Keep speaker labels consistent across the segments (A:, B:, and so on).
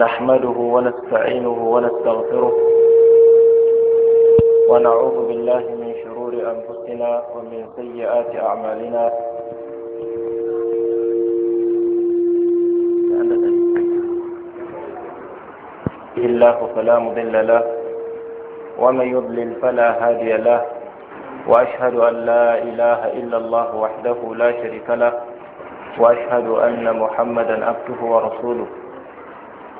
A: نحمده ونستعينه ونستغفره ونعوذ بالله من شرور أنفسنا ومن سيئات أعمالنا الله فلا مضل له ومن يضلل فلا هادي له وأشهد أن لا إله إلا الله وحده لا شريك له وأشهد أن محمدا عبده ورسوله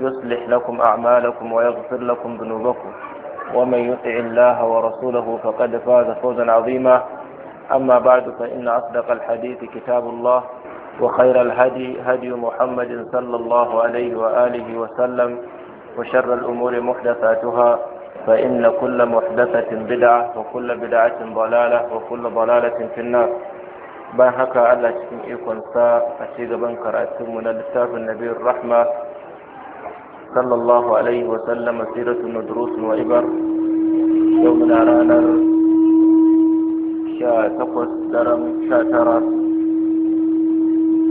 A: يصلح لكم أعمالكم ويغفر لكم ذنوبكم ومن يطع الله ورسوله فقد فاز فوزا عظيما أما بعد فإن أصدق الحديث كتاب الله وخير الهدي هدي محمد صلى الله عليه وآله وسلم وشر الأمور محدثاتها فإن كل محدثة بدعة وكل بدعة ضلالة وكل ضلالة في النار بان هكا الله شكم إيكون سا أشيغ بنكر أتم من النبي الرحمة صلى الله عليه وسلم سيرة مدروس وعبر يومنا رانر شاتقوس درم شاترات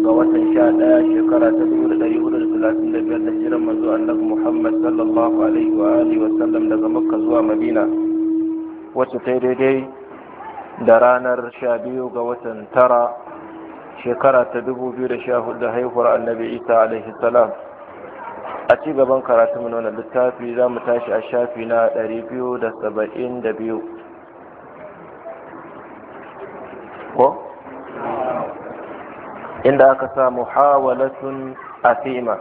A: ga watan sha ɗaya shekara ta dubu da ɗari hudu da talatin da biyar da hijiran manzo annabi muhammad sallallahu alaihi wa alihi wa sallam daga zuwa madina wacce ta daidai da ranar sha biyu ga watan tara shekara ta dubu biyu da sha hudu da haihuwar annabi isa alaihi salam a ci gaban karatu mu wannan littafi za mu tashi a shafi na 272 ko inda aka sa muhawalatun asima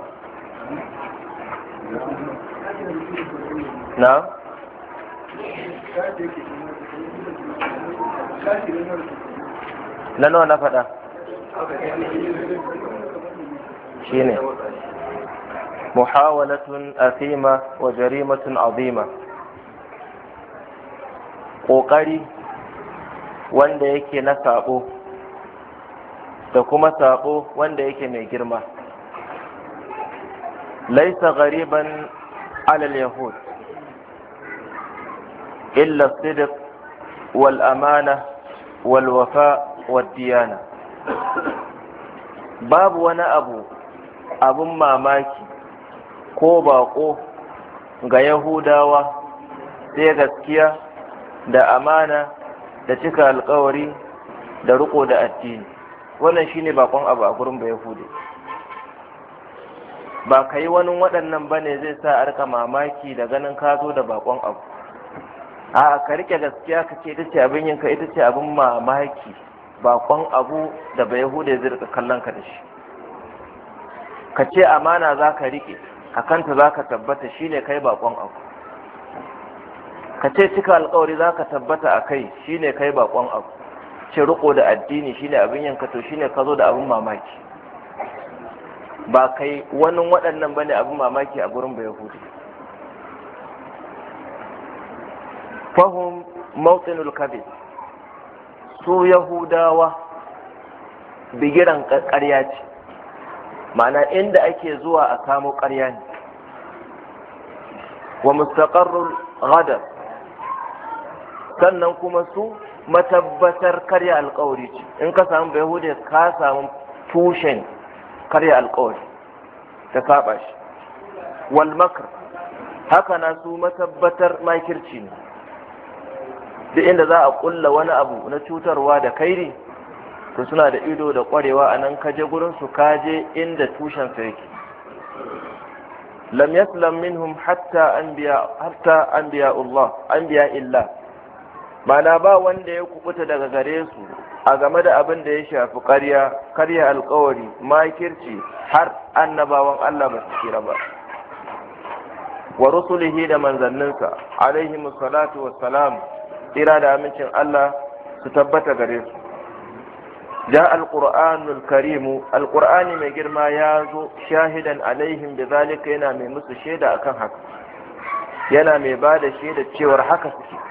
A: na na nawa na faɗa shi ne محاولة أثيمة وجريمة عظيمة ƙoƙari wanda yake na saɓo da kuma saɓo wanda yake mai girma laisa gariban alal yahud illa sidiq wal amana wal wafa wal diyana babu wani abu abun mamaki ko baƙo ga yahudawa sai gaskiya da amana da cika alkawari da riko da addini wannan shine bakon abu a gurin ba yahudi ba ka yi wani waɗannan ba ne zai sa a rika mamaki da ganin ka zo da bakon abu a ka rike gaskiya ka ce ita ce abin yinka ita ce abin mamaki bakon abu da ba yahudi zai rika kallon ka da shi ka ce amana za ka rike a kanta za ka tabbata shi ne kai bakon abu ka ce cika alkawari za ka tabbata a kai shi ne kai bakon abu ce riko da addini shi ne abin yankato ne ka zo da abin mamaki ba kai wani waɗannan ne abin mamaki a gurin hudu fahim mautsinul kabe su yahudawa bigiran ƙarya ce ma'ana inda ake zuwa a kamo ƙarya ne wa mustaqarrul ghadab sannan kuma su matabbatar karya alƙawari ce in ka samu bayahude ka samu tushen karya alƙawari ta saba shi wal makr haka na su matabbatar makirci ne duk inda za a ƙulla wani abu na cutarwa da kairi to suna da ido da kwarewa a nan kaje gurin su kaje inda tushensa yake lam yaslam minhum hatta anbiya hatta anbiya Allah anbiya illa mana ba wanda ya kubuta daga gare su a game da abin da ya shafi ƙarya ƙarya alƙawari makirci har annabawan Allah ba su kira ba wa rusulihi da manzanninsa alaihi salatu wassalam tsira da amincin Allah su tabbata gare su ja alƙur'anul karimu alƙur'ani mai girma ya zo shahidan alaihin da yana mai musu shaida akan haka yana mai ba da shaida cewar haka suke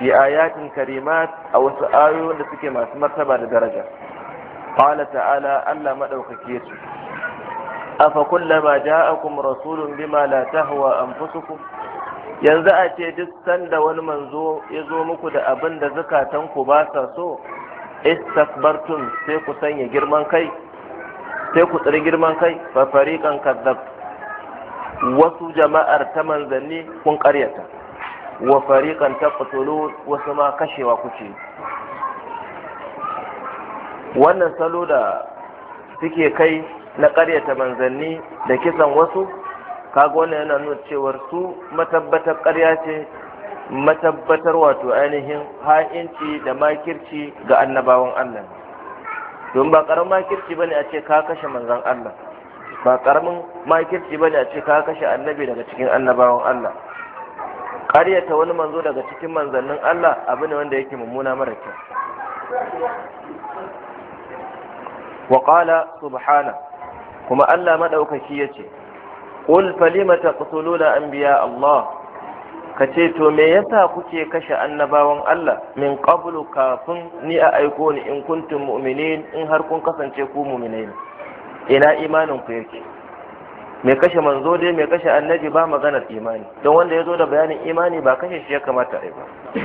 A: fi ayatin karimat a wasu ayoyin da suke masu martaba da daraja qala ta'ala Allah madaukake su afa kullama ja'akum rasulun bima la tahwa anfusukum yanzu a ce duk sanda wani manzo ya zo muku da abin da zukatanku ba sa so istakbartum sai ku sanya girman kai sai ku tsiri girman kai fa fariqan kadzab wasu jama'ar ta manzanni kun karyata wa fariqan taqtulu wasu ma kashewa kuce wannan salo da suke kai na ƙaryata manzanni da kisan wasu kaga wannan yana nuna cewar su matabbatar ƙarya ce matabbatar wato ainihin ha'inci da makirci ga annabawan Allah don ba karamin makirci bane a ce ka kashe manzon Allah ba karamin makirci bane a ce ka kashe annabi daga cikin annabawan Allah ƙaryata wani manzo daga cikin manzannin Allah abu ne wanda yake mummuna mara kyau wa qala subhana kuma Allah madaukaki yace qul falima taqtuluna anbiya Allah ka ce to me yasa kuke kashe annabawan Allah min qablu kafin ni a aiko ni in kuntum mu'minin in har kun kasance ku mu'minai ne ina imanin ku yake Me kashe manzo dai me kashe annabi ba maganar imani don wanda ya zo da bayanin imani ba kashe shi ya kamata a yi ba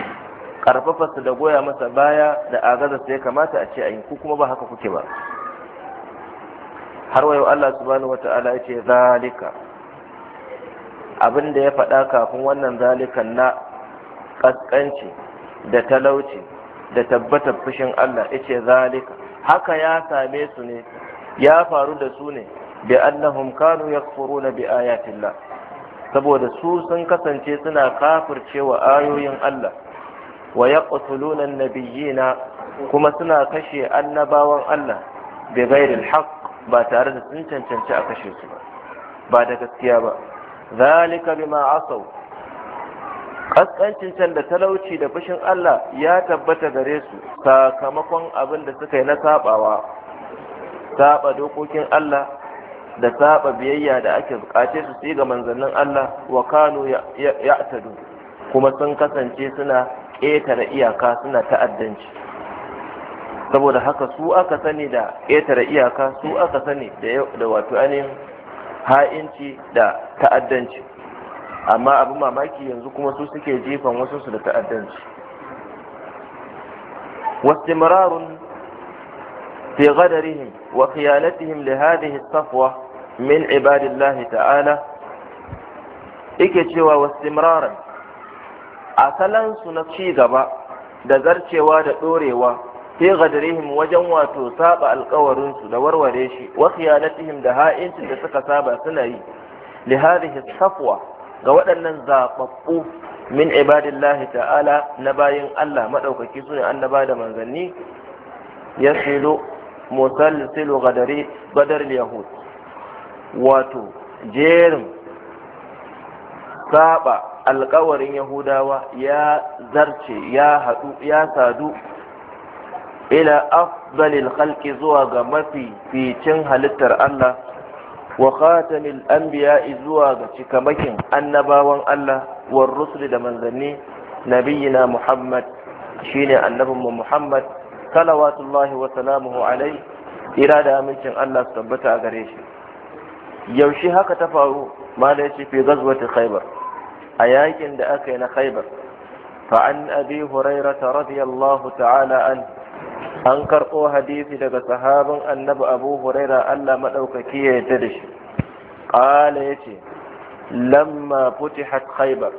A: karfafa su da goya masa baya da agaza su ya kamata a ce a yi ku kuma ba haka kuke ba har wayo Allah subhanahu wata'ala ya ce zalika abin da ya faɗa kafin wannan zalikan na ƙasƙanci da talauci da tabbatar fushin Allah ice zalika haka ya same su ne ya faru da su ne bi annahum kanu yakfuruna bi ayatillah saboda su sun kasance suna kafircewa ayoyin Allah wa yaqtuluna nabiyina kuma suna kashe annabawan Allah bi ghairi al ba tare da sun cancanci a kashe su ba ba da gaskiya ba zalika bima asaw kaskancin can da talauci da fushin Allah ya tabbata gare su sakamakon abin da suka yi na sabawa saba dokokin Allah da saba biyayya da ake bukace su su ga manzannin Allah wa kanu ya'tadu kuma sun kasance suna ƙetare iyaka suna ta'addanci saboda haka su aka sani da ƙetare iyaka su aka sani da wato ainihin ha'inci da ta'addanci amma abu mamaki yanzu kuma su suke jifan wasu su da ta'addanci wasu fi gadarihim wa khiyanatihim li hadhihi safwa min ibadillahi ta'ala yake cewa wasu su na ci gaba da zarcewa da dorewa fi gadirihim wajen wato saba su da warware shi wa khiyanatihim da ha'incin da suka saba suna yi li hadhihi safwa ga waɗannan zababbu min ibadillahi ta'ala na bayin Allah madaukaki sune annaba da manzanni
B: yasilu
A: musalsilu gadari gadar yahud wato jerin saba alkawarin yahudawa ya zarce ya hadu ya sadu ila afdalil khalqi zuwa ga mafi ficin halittar Allah wa khatamil anbiya zuwa ga cikamakin annabawan Allah war rusul da manzanni nabiyina Muhammad shine annabin mu Muhammad salawatullahi wa salamuhu alai ira da amincin Allah su tabbata a gare shi yaushe haka ta faru mala yace fi ghazwati khaybar a yakin da aka yi na khaybar fa an abi hurairah radiyallahu ta'ala anhu an karɓo hadisi daga sahabin annabi abu huraira allah maɗaukaki ya yarda da shi ƙala ya ce lamma futihat khaybar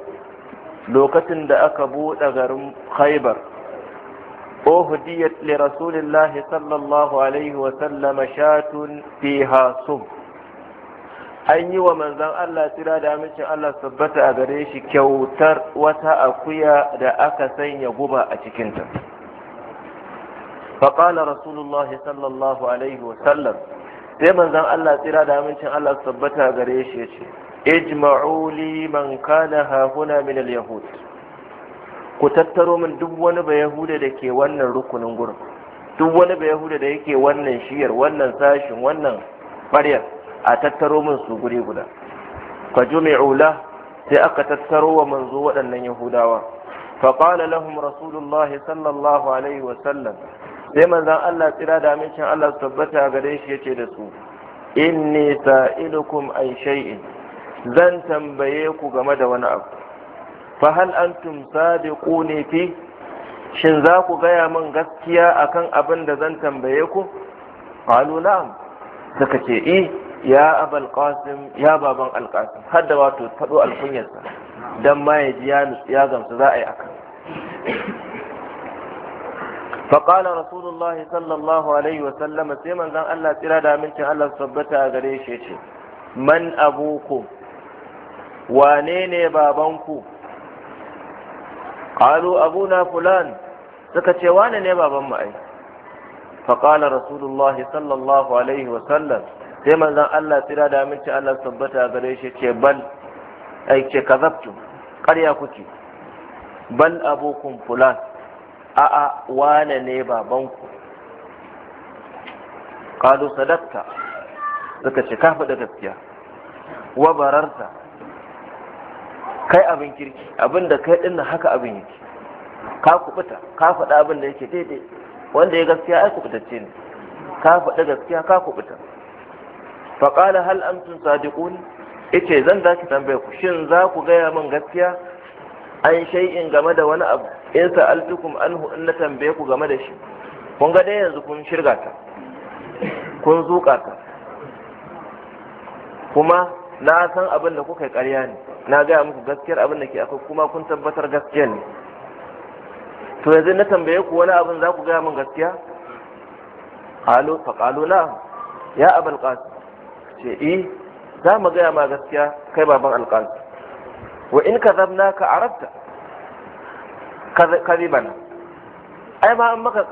A: lokacin da aka buɗe garin khaybar uhudiyat li rasulillahi sallallahu alaihi wa sallama shatun fiha sum an yi wa manzan Allah tsira da amincin Allah sabbata a gare shi kyautar wata akuya da aka sanya guba a cikinta. faƙala rasulullahi sallallahu alaihi wasallam sai manzon Allah tsira da amincin Allah su tabbata gare shi ya ce ijma'u li man kana hahuna min al-yahud ku tattaro min duk wani ba yahuda da ke wannan rukunin gurin duk wani ba yahuda da yake wannan shiyar wannan sashin wannan ɓaryar a tattaro min su guri guda fa jumi'u la sai aka tattaro wa manzo waɗannan yahudawa fa qala lahum rasulullahi sallallahu alaihi wa sallam sai manzan Allah tsira da amincin Allah su tabbata gare shi yace da su inni sa'ilukum an shay'in zan tambaye ku game da wani abu fa hal antum sadiquni fi shin za ku gaya min gaskiya akan abin da zan tambaye ku qalu na'am suka ce eh ya abal qasim ya baban al qasim da wato fado alkunyarsa dan ma ya ji ya gamsu za a yi akan فقال رسول الله صلى الله عليه وسلم سيما زان الله تلا دا منتي الله ثبتا غري من ابوكم وانيني بابانكم قالوا ابونا فلان suka ce wane ne baban mu ai faqala rasulullah sallallahu alaihi wa sallam sai manzon Allah tsira da aminci Allah tabbata gare shi ce bal ai ce kazabtu ƙarya kuke bal abokum fulan a'a wane ne babanku kalu sadakta suka ce ka faɗa gaskiya wa bararta kai abin kirki abin da kai ɗin haka abin yake ka kubuta ka faɗa abin da yake daidai wanda ya gaskiya ai kubutacce ne ka faɗa gaskiya ka kubuta faƙala hal amtun sadiqun ita zan za ki tambaye ku shin za ku gaya min gaskiya an shay'in game da wani abu in sa'altukum anhu in na tambaye ku game da shi kun ga dai yanzu kun shirga ta kun zuƙa ta kuma na san abin da kuka yi ƙarya ne na gaya muku gaskiyar abin da ke akwai kuma kun tabbatar gaskiya ne to yanzu na tambaye ku wani abin za ku gaya min gaskiya halo fa qalu na ya abul qasim ce i eh, za mu gaya ma gaskiya kai baban alqasim wa in ka arabta kadiban ai ma in maka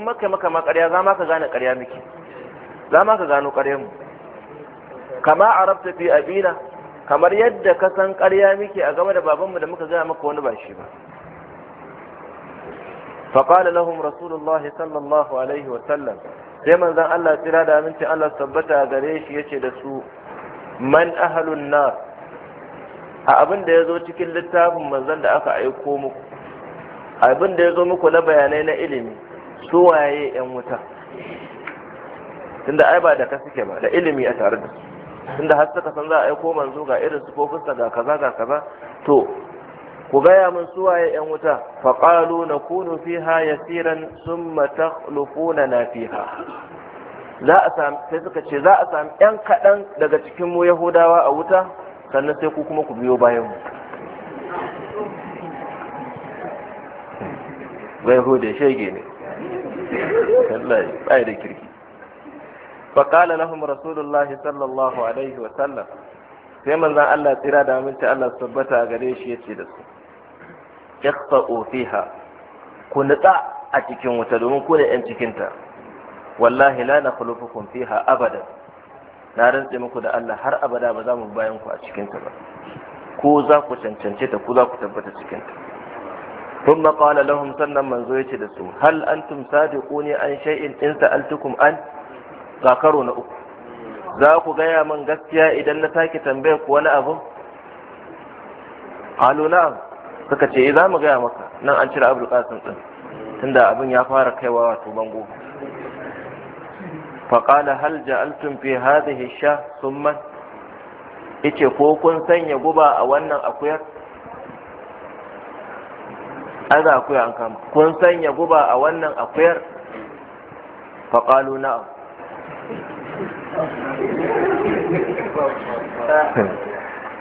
A: maka maka ma ƙarya za ma ka gane karya miki za ma ka gano ƙarya mu kama arabta fi abina kamar yadda ka san karya miki a game da babanmu da muka gaya maka wani ba shi ba فقال لهم رسول الله صلى الله عليه وسلم sai manzon Allah tsira da aminci Allah tabbata gare shi yace da su man ahlun nar a abin da yazo cikin littafin manzon da aka aiko muku abin da ya zo muku na bayanai na ilimi su waye yan wuta tunda ai ba da ka suke ba da ilimi a tare da su tunda har suka san za a aiko manzo ga irin su kofinsa ga kaza ga kaza to ku gaya min su waye yan wuta fa na nakunu fiha yasiran thumma takhlufuna na fiha za a sami sai suka ce za a sami yan kaɗan daga cikin mu yahudawa a wuta sannan sai ku kuma ku biyo bayan mu bai da shege ne Allah bai da kirki فقال لهم رسول الله صلى الله عليه وسلم sai manzon Allah tsira da aminci Allah tabbata a gare shi yace da su iqta'u fiha ku nutsa a cikin wuta domin ku ne yan cikin ta wallahi la nakhlufukum fiha abada na rantse muku da Allah har abada ba za mu bayan ku a cikinta ba ku za ku cancance ta ku za ku tabbata cikinta? ثم قال لهم سنن من زويت دسو هل أنتم صادقون عن شيء إن سألتكم أن ذاكرون أكو ذاكو غيا من غسيا إذا نساك تنبيك ولا أبو قالوا نعم فكتي إذا ما غيا مكا نعم أنشر أبو القاسم تندى أبن يا فارك واتو بنقو فقال هل جعلتم في هذه الشاه ثم إيش فوق سنة قبا أو أن أكوير ai ga akuya an kama kun sanya guba a wannan akuyar faƙalu na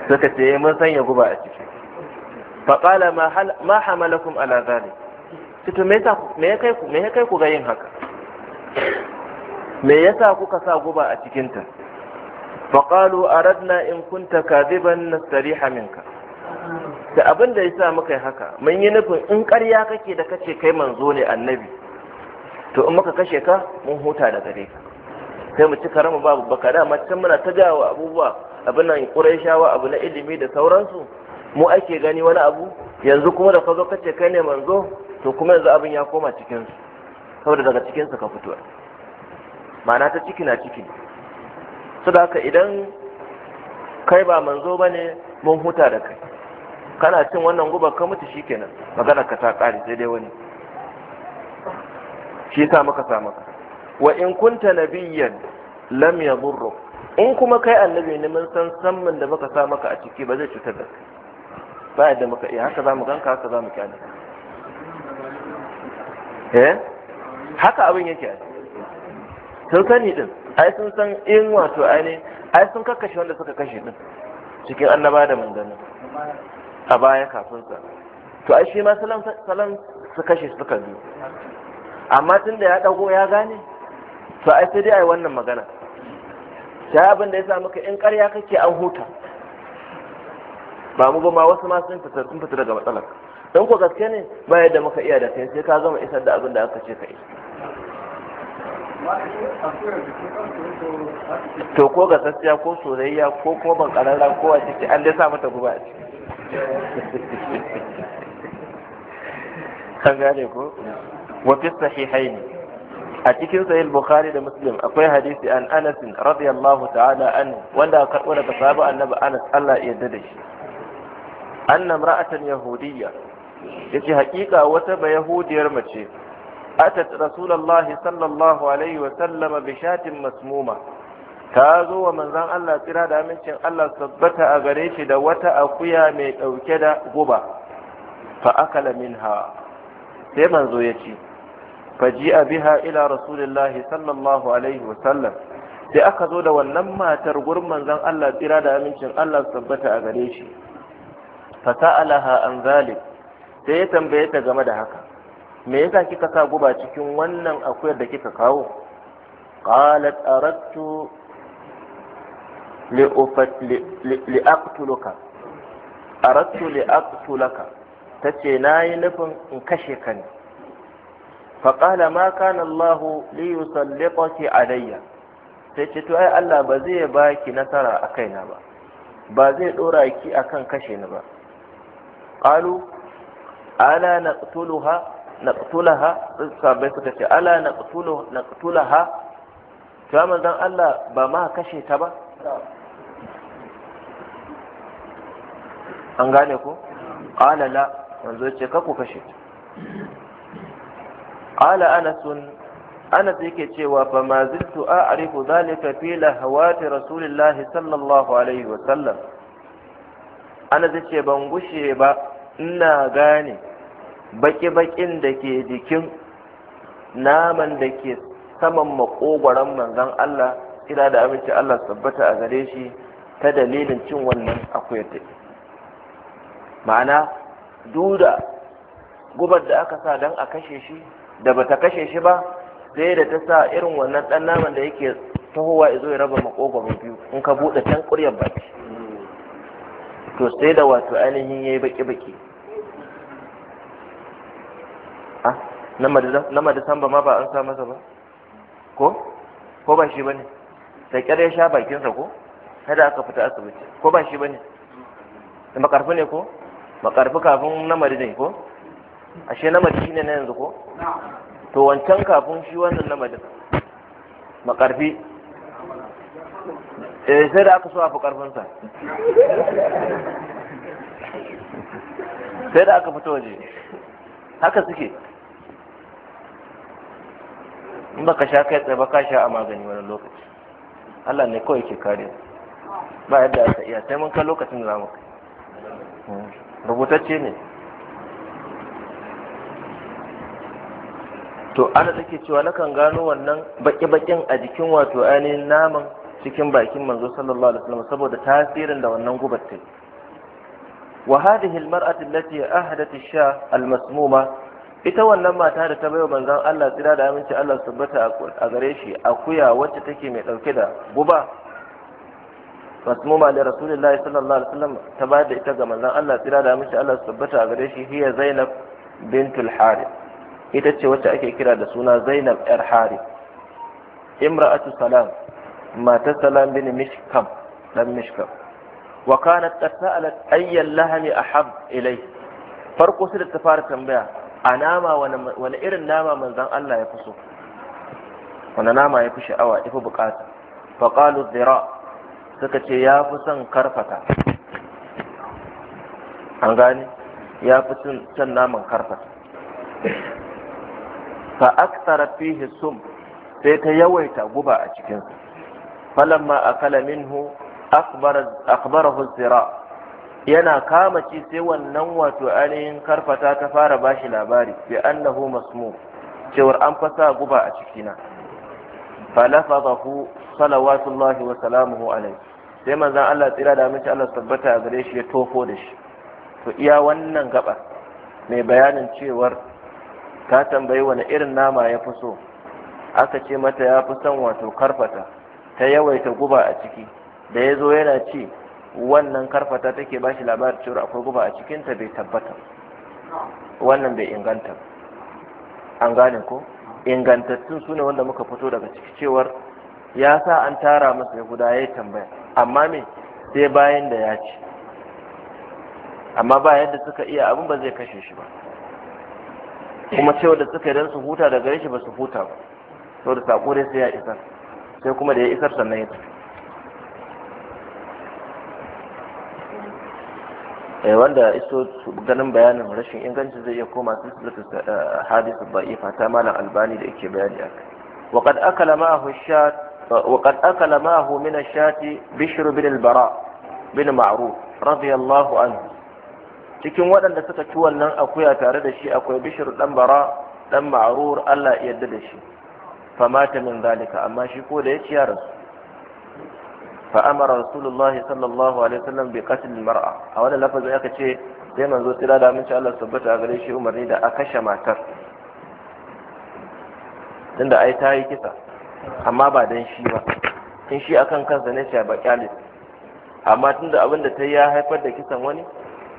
A: suka ce eh, mun sanya guba a ciki faƙala ma hamalakum ala zalik cito me ya kai ku ga yin haka me yasa kuka sa guba a cikinta faƙalu aradna in kunta kadiban nastariha minka da abin da ya sa muka yi haka mun yi nufin in ƙarya kake da kace kai manzo ne annabi to in muka kashe ka mun huta da gare ka sai mu ci karamu babu baka da can muna ta gawa abubuwa abin nan ƙurayshawa abu na ilimi da sauransu mu ake gani wani abu yanzu kuma da fazo kace kai ne manzo to kuma yanzu abin ya koma cikin su saboda daga cikin su ka fito ma'ana ta ciki na ciki saboda haka idan kai ba manzo bane mun huta da kai kana cin wannan guba ka mutu shikenan magana ka ta kare sai dai wani shi sa muka sa maka wa in kunta nabiyyan lam yadurruk in kuma kai annabi ne mun san samman da muka sa maka a ciki ba zai cutar da kai ba yadda muka yi, haka zamu ganka haka zamu kyale eh haka abin yake sun sani din ai sun san in wato ai ne ai sun kakkashe wanda suka kashe din cikin annaba da manzanni a baya kafin sa to ai shi ma salon su kashe suka biyu amma tun da ya dago ya gane to ai sai dai ai wannan magana sai abin da ya sa maka in ƙarya kake an huta ba mu ba ma wasu ma sun fita sun fita daga matsalar don ko gaske ne ba yadda muka iya da kai sai ka gama isar da abin da aka ce ka yi to ko gasassiya ko soyayya ko kuma ban kararra ko a ciki an dai sa mata guba a ciki kan gane ko a cikin sahih bukhari da muslim akwai hadisi an anas radiyallahu ta'ala an wanda aka karbo daga sahabi annabi anas Allah ya yarda da shi anna imra'atan yahudiyya yace hakika wata ba yahudiyar mace atat rasulullahi sallallahu alaihi wa sallama bi shatin masmuma ta zo wa manzan Allah tsira da amincin Allah tabbata a gare shi da wata akuya mai ɗauke da guba fa akala minha sai manzo ya ci fa ji biha ila rasulillahi sallallahu alaihi wa sallam sai aka zo da wannan matar gurin manzan Allah tsira da amincin Allah tabbata a gare shi fa sa'alaha an zalik sai ya tambaye ta game da haka me yasa kika sa guba cikin wannan akuyar da kika kawo qalat aradtu li'aqtuluka arattu li'aqtulaka tace nayi nufin in kashe ka ne faƙala ma kana Allah li yusallitaki alayya sai ce to ai Allah ba zai ba ki nasara a kaina ba ba zai dora ki akan kashe ni ba qalu ala naqtuluha naqtulaha bai suka ce ala naqtulu naqtulaha to manzon Allah ba ma kashe ta ba an gane ko qala la yanzu ce ka ku kashe qala anasun anas yake cewa fa ma ziltu a'rifu dhalika fi lahawati rasulillah sallallahu alaihi wa sallam anas yake ban gushe ba ina gane baki-bakin da ke jikin naman da ke saman makogwaron manzon Allah ina da aminci Allah tabbata a gare shi ta dalilin cin wannan akwai ma'ana duda gubar da aka sa don a kashe shi da bata kashe shi ba sai da ta sa irin wannan ɗan naman da yake tahowa izo ya raba makogwaro biyu in ka bude can ƙuryar baki to sai da wato ainihin ya yi baki-baki ah, na madisamba ma ba an sa masa ba ko ko ba shi ba ne da kyar ya sha bakinsa ko kada aka fita asibiti ko ba shi ba ne da makarfi ne ko ba karfi kafin namari ne ko ashe namari shi ne na yanzu ko to wancan kafin shi wannan namari ba karfi eh sai da aka so a fi karfin sa sai da aka fito waje haka suke in baka sha kai tsaye ba ka sha a magani wani lokaci Allah ne kawai ke kare ba yadda aka iya taimaka lokacin da za mu kai hmm. rubutacce ne to ana take cewa nakan gano wannan baki-bakin a jikin wato ainihin naman cikin bakin manzo sallallahu alaihi wasallam saboda tasirin da wannan gubar ta wa hadhihi almar'atu allati ahadat ash-sha almasmuma ita wannan mata da ta bayo manzon Allah tsira da aminci Allah ta'ala a gare shi akuya wacce take mai dauke da guba masmuma da rasulullahi sallallahu alaihi wasallam ta bayar da ita ga manzon Allah tsira da mishi Allah tabbata a gare shi hiya Zainab bintul Harith ita ce wacce ake kira da suna Zainab yar Harith imra'atu Salam mata Salam bin Mishkam dan Mishkam wa kanat qad sa'alat ayyal lahmi ahab ilayhi farko sai ta fara tambaya a nama wani irin nama manzon Allah ya fi so wani nama ya fi sha'awa ya fi bukata faƙalu zira suka ce ya fi son karfata an gane ya fi son naman karfata fa aktara fihi sum sai ta yawaita guba a cikinsa falamma akala minhu akbarahu zira yana kama ci sai wannan wato ainihin karfata ta fara bashi labari bi annahu masmu cewar an fasa guba a cikina falafazahu salawatullahi wa salamuhu alaihi sai manzan Allah tsira da amince Allah tabbata a gare shi ya tofo da shi to iya wannan gaba
B: mai bayanin
A: cewar ta tambayi wani irin nama ya fi so aka ce mata ya fi son wato karfata ta yawaita guba a ciki da ya zo yana ci wannan karfata take ba shi labarin cewar akwai guba a cikinta bai tabbata wannan bai inganta an gane ko ingantattun su ne wanda muka fito daga ciki cewar ya sa an tara masa ya guda ya yi tambaya amma me sai bayan da ya ci amma ba yadda suka iya abin ba zai kashe shi ba kuma cewa da suka idan su huta daga gare shi ba su huta ba sau da saƙo dai sai ya isar sai kuma da ya isar sannan ya tafi eh wanda iso ganin bayanin rashin inganci zai iya koma silsilatu eh, hadith da'ifa ta malam albani da yake bayani aka wa qad akala ma'ahu shat وقد أكل معه من الشاة بشر بن البراء بن معروف رضي الله عنه cikin waɗanda suka ci wannan akuya tare da shi akwai bishir dan bara dan ma'rur Allah ya yarda da shi fa mata min zalika amma shi ko da ya ci yaran rasu fa amara rasulullah sallallahu alaihi wasallam bi qatl mar'a a wannan lafazin aka ce sai manzo tira da aminci Allah tabbata gare shi umarni da aka kashe matar tunda ai ta yi kisa amma ba don shi ba in shi akan kansa ne ba kyale amma tunda abin da ta ya haifar da kisan wani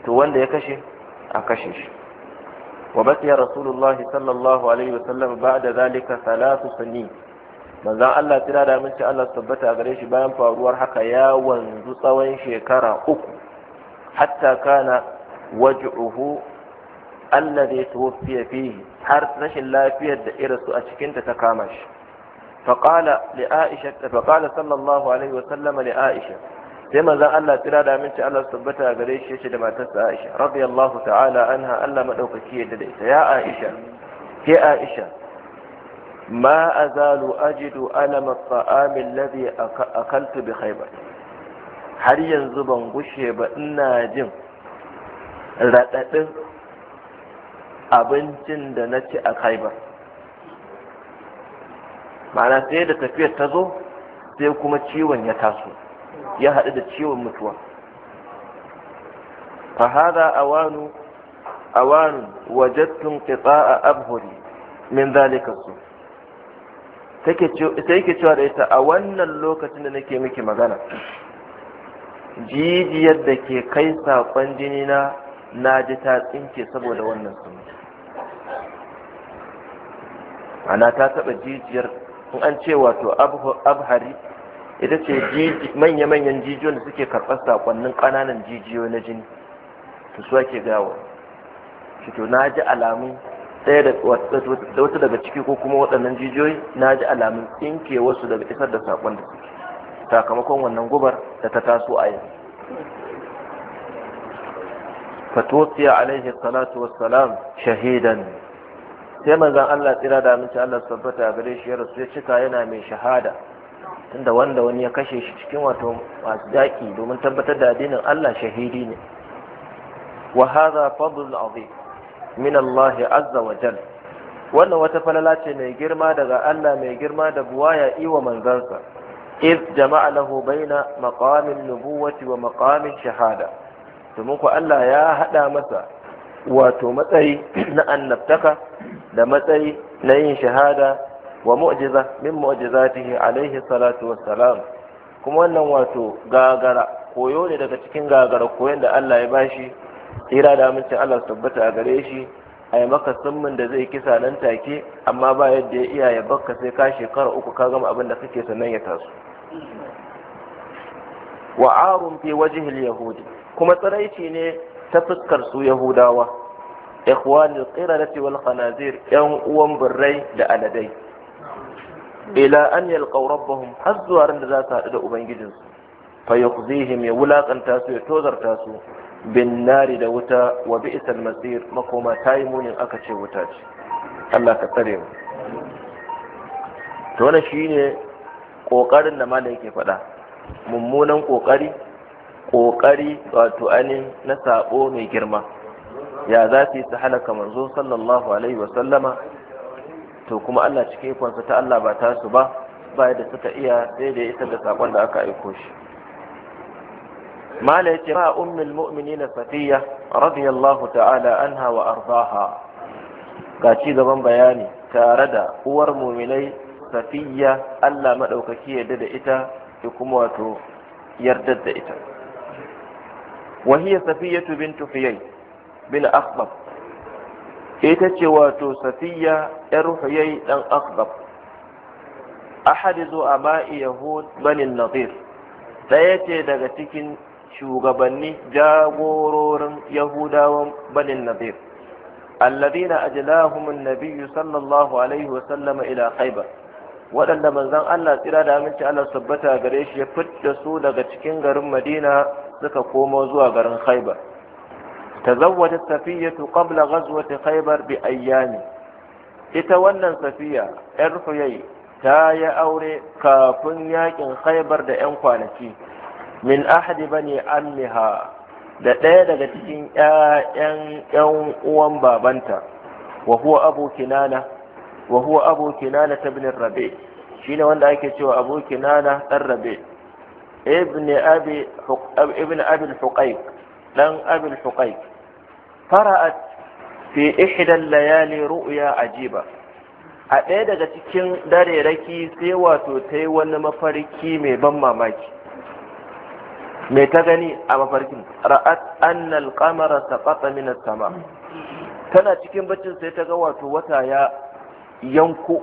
A: to wanda ya kashe a kashe shi wa ya rasulullah sallallahu alaihi wasallam ba'da zalika salatu sani manzon Allah tira da mun Allah tabbata gare shi bayan faruwar haka ya wanzu tsawon shekara uku hatta kana waj'uhu alladhi tuwfiya fihi har rashin lafiyar da irasu a cikin ta ta kama shi فقال لعائشة فقال صلى الله عليه وسلم لعائشة كما ذا الله تلا دا منت الله ثبتها غريش يشي لما تس عائشة رضي الله تعالى عنها ألا مدوككية دلئت يا عائشة يا عائشة ما أزال أجد ألم الطعام الذي أكلت بخيبر har yanzu ban gushe ba ina jin raɗaɗin abincin da na ci a khaibar ma'ana sai da tafiyar ta zo sai kuma ciwon ya taso ya haɗu da ciwon mutuwa fahada awanu awanu wajadtum qita'a abhuri min zalika su sai yake cewa da ita a wannan lokacin da nake miki magana jijiyar da ke kai sakon jini na na ji ta tsinke saboda wannan sun ana ta taɓa jijiyar in an ce wato abhari
B: ita ce
A: manya-manyan jijiyoyin da suke karɓar saƙonnin ƙananan jijiyoyi na jini to su ake gawa shi to na ji alamun ɗaya da wata daga ciki ko kuma waɗannan jijiyoyi na ji alamun tsinke wasu daga isar da saƙon da suke sakamakon wannan gubar da ta taso a yanzu fatotiya alaihi salatu wassalam shahidan sai manzan Allah tsira da aminci Allah tabbata gare shi ya rasu ya cika yana mai shahada tunda wanda wani ya kashe shi cikin wato masu daki domin tabbatar da addinin Allah shahidi ne wa hadha fadlul azim min Allah azza wa jal wannan wata falala ce mai girma daga Allah mai girma da buwa ya yi wa manzansa iz jama'a lahu baina maqamin nubuwati wa maqamin shahada domin ku Allah ya hada masa wato matsayi na annabtaka da matsayi na yin shahada wa mu'jiza min mu'jizatihi alaihi salatu wassalam kuma wannan wato gagara koyo ne daga cikin gagara koyon da Allah ya bashi tsira da amincin Allah tabbata a gare shi a yi maka summin da zai kisa nan take amma ba yadda ya iya ya bakka sai ka shekara uku ka gama abin da kake sannan ya taso wa arun fi wajhil yahudi kuma Tsaraici ne ta fuskar su yahudawa ikhwanil qiradati wal khanazir yan uwan birrai da aladai ila an yalqaw rabbahum har zuwa ran da za su haɗu da ubangijinsu fa ya wulakanta su ya tozarta su bin nari da wuta wa bi'sal masir makoma tayi munin aka ce wuta ce Allah ka tsare mu to wannan shine kokarin da malam yake faɗa mummunan kokari kokari wato anin na sako mai girma ya za su yi su halaka manzo sallallahu alaihi wa to kuma Allah cike ikonsa ta Allah ba tasu ba ba da suka iya sai da isar da sakon da aka aiko shi mala yace ma ummul mu'minina safiya radiyallahu ta'ala anha wa ardaha ga ci gaban bayani tare da uwar mu'minai safiya Allah madaukaki yadda da ita da kuma wato yarda da ita وهي صفية بنت tufiyai. bin akhbab ita ce wato safiya yar huyai dan akhbab ahadizu aba'i yahud banin nadir ɗaya ce daga cikin shugabanni jagororin yahudawan banin nadir alladhina ajlahum an-nabiy sallallahu alaihi wa sallama ila khaybar waɗanda manzon Allah tsira da aminci Allah tabbata gare shi ya fitta su daga cikin garin Madina suka komo zuwa garin Khaibar tazawwaja safiyatu qabla ghazwati khaybar bi ayyami ita wannan safiya yar huyai ta yi aure kafin yakin khaybar da yan kwanaki min ahadi bani ammiha da ɗaya daga cikin ƴaƴan ƴan uwan babanta wa huwa abu kinana wa huwa abu kinana ibn rabi shine wanda ake cewa abu kinana dan rabi ibn abi ibn abi al dan abi al fara'at fi ihdan layali ru'ya ajiba a ɗaya daga cikin dare raki sai wato ta yi wani mafarki mai ban mamaki mai ta gani a mafarkin ra'at annal qamara saqata min sama tana cikin baccin sai ta ga wato wata ya yanku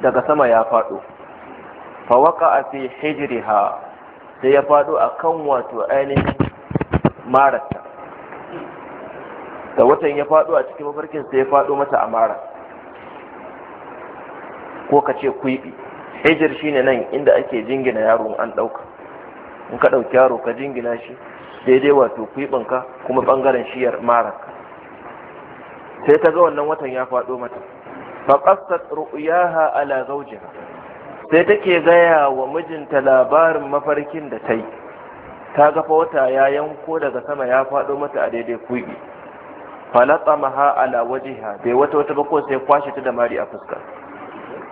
A: daga sama ya faɗo Fawaka a fi hijriha sai ya faɗo a kan wato ainihin marata da watan ya faɗo a cikin mafarkin sai ya faɗo mata a mara ko ka ce kwiɓi hijir shine nan inda ake jingina yaro an ɗauka in ka ɗauki yaro ka jingina shi daidai wato ka" kuma ɓangaren shiyar mara sai ta ga wannan watan ya faɗo mata faƙasar ru'yaha ala zawjiha sai take gaya wa mijinta labarin mafarkin da ta yi ta gafa wata ya yanko daga sama ya faɗo mata a daidai kuibi falatamaha ala wajiha bai wata wata ba ko sai kwashe ta da mari a fuska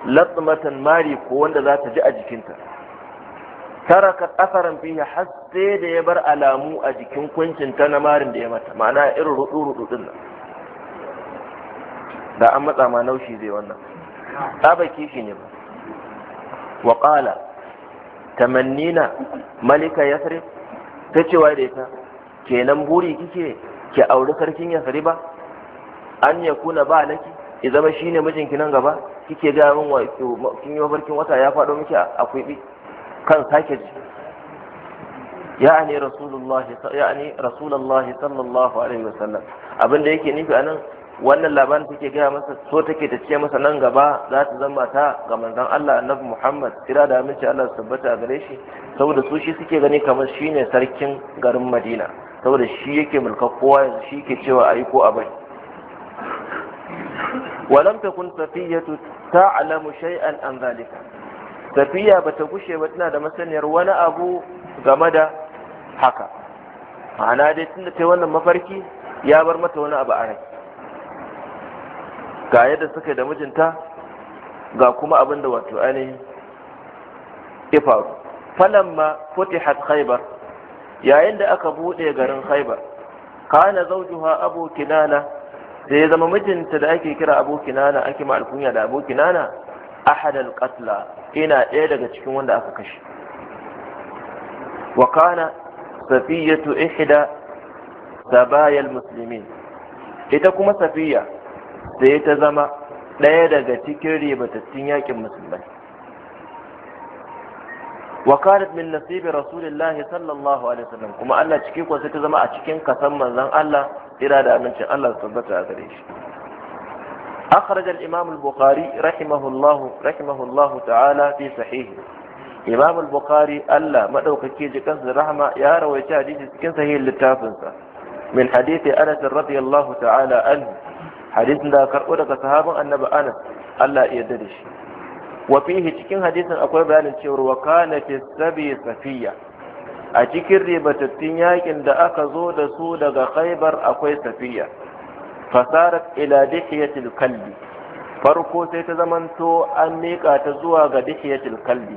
A: latmatan mari ko wanda za ta ji a jikinta taraka asaran fihi har sai da ya bar alamu a jikin kuncin ta na marin da ya mata ma'ana irin rudu rudu nan da an matsa ma naushi zai wannan ba kishi ne ba wa qala tamannina malika yasrib ta wa da ita kenan buri kike ki auri sarkin yasriba an ya kuna ba laki ya zama shine mijinki nan gaba kike ga min wa kin yi mafarkin wata ya faɗo miki a kwibi kan sake ji yani rasulullah yani rasulullah sallallahu alaihi wasallam abin da yake nufi anan wannan labarin take gaya masa so take ta ce masa nan gaba za ta zama ta ga manzon Allah annabi Muhammad kira da aminci Allah su tabbata gare shi saboda su shi suke gani kamar shine sarkin garin Madina saboda shi yake mulka kowa yanzu shi ke cewa ayi ko abai walam tafiya safiyatu alamu shay'an an zalika safiya bata gushe ba tana da masaniyar wani abu game da haka ma'ana dai tunda ta wannan mafarki ya bar mata wani abu a rai ga yadda suka da mijinta ga kuma abin da wato ainihin ifa falamma futihat khaybar yayin da aka buɗe garin khaibar kana zaujuha abu kinana ya zama mijinta da ake kira abu kinana ake ma da abu kinana ahad alqatla ina ɗaya daga cikin wanda aka kashe wa kana safiyatu ihda sabayal muslimin ita kuma safiya sai ta zama ɗaya daga cikin ribatattun yakin musulmai wa kanat min nasibi rasulillahi sallallahu alaihi wasallam kuma Allah cike ko sai ta zama a cikin kasan manzon Allah ira da amincin Allah tabbata a gare shi أخرج الإمام البخاري رحمه الله رحمه الله تعالى في صحيحه إمام البخاري ألا مدوك كيجي كنز الرحمة يا روي حديث كنز هي اللتافنسة من حديث أنس رضي الله تعالى عنه حديث لا كرؤلك صحابا أن أنس ألا يددش wa cikin hadisin akwai bayanin cewa wa kana fi sabi safiya a cikin ribatattun yakin da aka zo da su daga khaibar akwai safiya fasarat ila dihiyatil kalbi farko sai ta zamanto an miƙa ta zuwa ga dihiyatil kalbi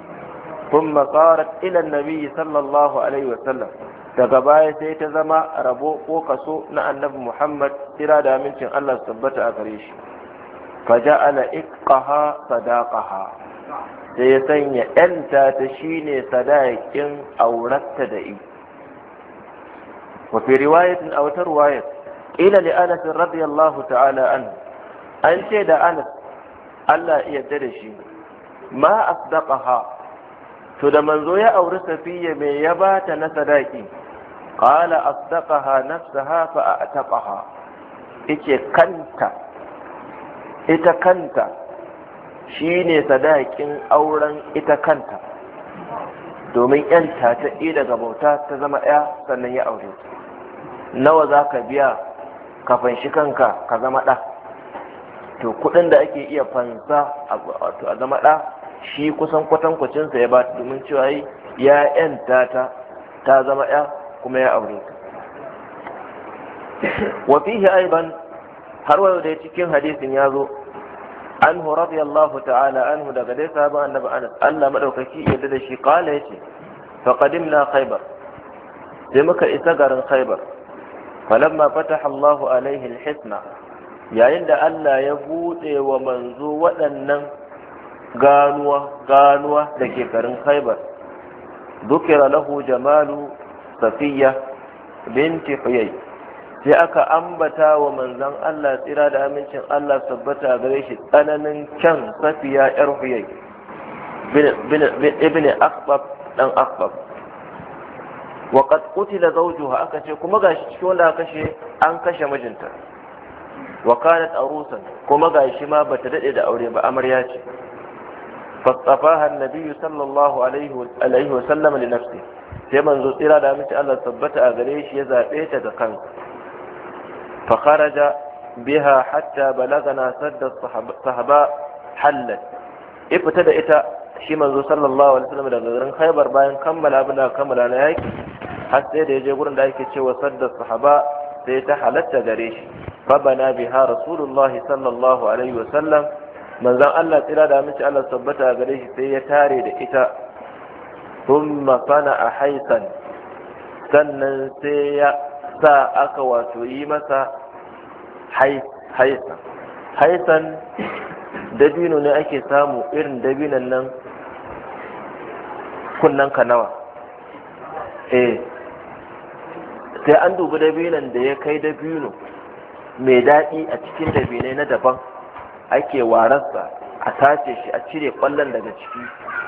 A: thumma sarat ila nabi sallallahu alaihi wa sallam daga baya sai ta zama rabo ko kaso na annabi muhammad tira da amincin allah su tabbata a gare shi faja'ala iqaha sadaqaha sai sanya yanta ta shine sadakin auratta da i wa fi riwayatin aw tarwayat ila li radiyallahu ta'ala an an ce da anas Allah ya yarda da shi ma asdaqaha to da manzo ya auri safiya me ya bata na sadaki qala asdaqaha nafsaha fa ataqaha yace kanta ita kanta shi ne sadakin auren ita kanta domin yanta ta ɗi daga bauta ta zama ɗaya sannan ya aure nawa za ka biya ka fanshi kanka ka zama ɗa to kuɗin da ake iya fansa a zama ɗa shi kusan kwatankwacinsa ya ba domin cewa yi ya yanta ta ta zama ɗaya kuma ya aure ta shi aiban har wayo da cikin hadisin ya zo anhu radiyallahu ta'ala anhu daga dai sahabin annabi Anas Allah madaukaki yadda da shi kala yace fa qadimna khaybar sai muka isa garin khaybar falamma fataha Allah alaihi alhisna yayin da Allah ya bude wa manzo waɗannan ganuwa ganuwa da ke garin khaybar dukira lahu jamalu safiya binti huyay sai aka ambata wa manzan Allah tsira da amincin Allah sabbata gare shi tsananin kyan safiya yar huyai ibn akbab dan akbab wa qad qutila zawjuha aka ce kuma gashi cikin wanda aka kashe an kashe mijinta wa kanat arusan kuma gashi ma bata dade da aure ba amarya ce fastafaha an-nabiy sallallahu alaihi wa sallam li nafsihi sai manzo tsira da amincin Allah sabbata a gare shi ya zabe ta da kansa فخرج biha hatta balagana sadda sahaba hallat ya da ita shi manzo sallallahu alaihi wasallam daga garin Khaibar bayan kammala abin a kammala na yaki da ya je gurin da ake cewa sadda sahaba sai ta halatta gare shi biha rasulullahi sallallahu alaihi wasallam manzon Allah tsira da miki Allah tabbata gare shi sai ya tare da ita thumma sana'a haisan sannan sai ya sa aka wato yi masa haisan haisan dabino ne ake samu irin dabinan nan kunnan kanawa eh sai an dubi dabinan da ya kai dabino mai daɗi a cikin dabinai na daban ake wararsa a tace shi a cire ƙwallon daga ciki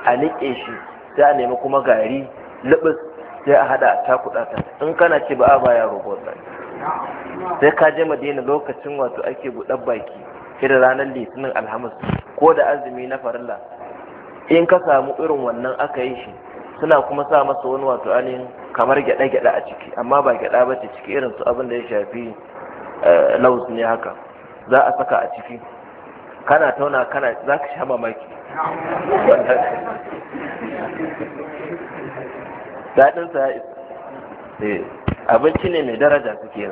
A: a niƙe shi sai a nemi kuma gari lubus sai a hada ta kudata in kana ce ba a baya roƙo sai ka je madina lokacin wato ake buɗar baki sai ranar litinin alhamis ko da azumi na farilla in ka samu irin wannan aka yi shi suna kuma sa masa wani wato ainihin kamar gyada gyada a ciki amma ba gyada ba ce ciki irin su abin da ya shafi eh, laus ne haka za a saka a ciki kana tauna kana za ka sha mamaki Daɗinsa ya isa eh, abinci ne mai daraja suke yin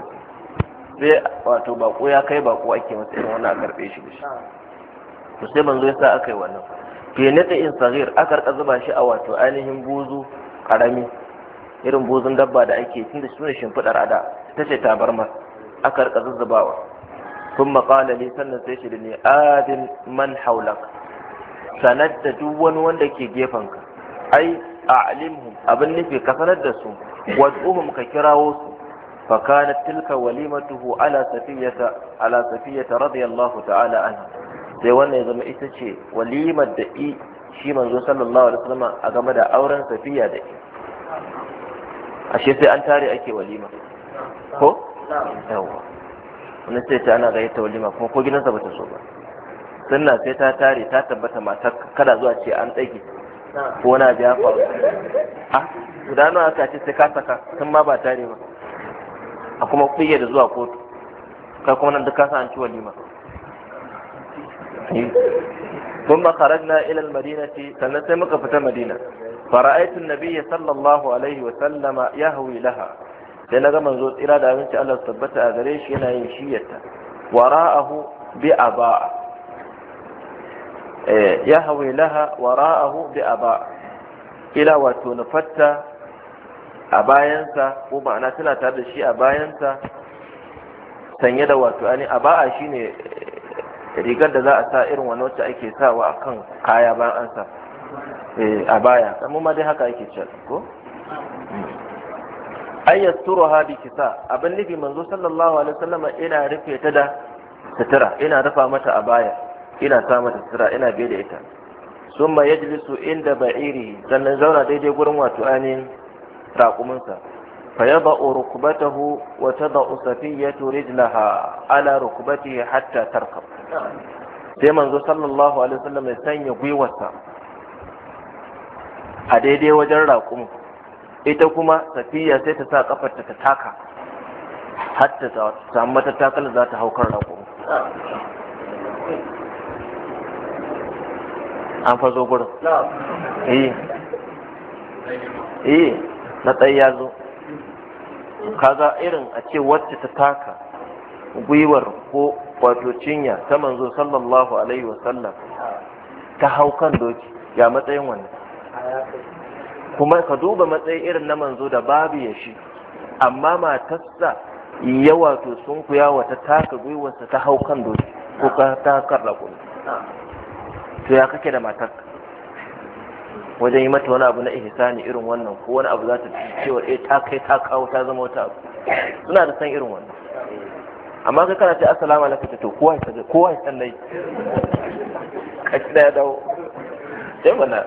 A: sai wato bako ya kai bako ake masa irin wani a karɓe shi da shi to sai manzo ya sa aka yi wannan ke nata in sagir aka rika zuba shi a wato ainihin buzu karami irin buzun dabba da ake tun da suna shimfiɗar ada ta ce tabarma aka rika zuzzubawa kun maƙala ne sannan sai shi da ne adin man haulak sanar da duk wani wanda ke gefen ka ai a'limhum abin nufi ka sanar da su wad'uhum ka kirawo su fa kanat tilka walimatuhu ala safiyata ala safiyata radiyallahu ta'ala anha sai wannan ya zama ita ce walimar da i shi manzo sallallahu alaihi wasallam a game da auren safiya da i ashe sai an tare ake walima ko yawa wani sai ta ana gayyata walima kuma ko gidansa bata so ba sunna sai ta tare ta tabbata matar kada zuwa ce an tsage
B: ko wani abu ya faru
A: a guda nawa aka ce sai ka saka tun ma ba tare ba a kuma kuɗi da zuwa kotu kai kuma nan duk ka san ci walima ثم sai muka fita سنسمك فتا مدينة فرأيت النبي صلى الله عليه وسلم يهوي laha sai na ga manzo tsira da abinci Allah tabbata a gare shi yana yin shiyarta wara'ahu bi aba'a Eh, ya hawi laha wara'ahu bi aba Ila wato nufatta a bayansa ko ma'ana tana tare da shi a bayansa sanye da wato ani a shine eh, rigar da za a sa irin wani wacce ake sawa akan kaya bayan an sa eh, a baya kamar ma dai haka ake cewa ko hmm. an turu ha bi kisa abin nufi manzo sallallahu alaihi wasallam ina rufe ta da sutura ina rufa mata a baya ina sa mata sira ina bai da ita summa su inda ba'iri sannan zauna daidai gurin wato ainihin raƙuminsa fa yada'u rukbatahu wa ya safiyatu rijlaha ala rukbatihi hatta tarka. sai manzo sallallahu alaihi wasallam ya sanya gwiwarsa a daidai wajen raƙumin ita kuma safiya sai ta sa kafarta ta taka hatta ta samu matattakala za ta haukar raƙumin an fazo gurin eh eh na tsaye ya zo kaga irin a ce wacce ta taka gwiwar ko wato cinya ta manzo sallallahu alaihi wasallam ta hau kan doki ya matsayin wannan kuma ka duba matsayi irin na manzo da babu ya shi amma matarsa yawa to sun kuya wata taka gwiwarsa ta hau kan doki ko ta karra kuma? to ya kake da matar wajen yi mata wani abu na ihsani irin wannan ko wani abu za ta cewa eh ta kai ta kawo ta zama wata abu suna da san irin wannan amma ka kana ce assalamu alaikum ta to kowa ya kowa ya san dai kashi ya dawo sai mana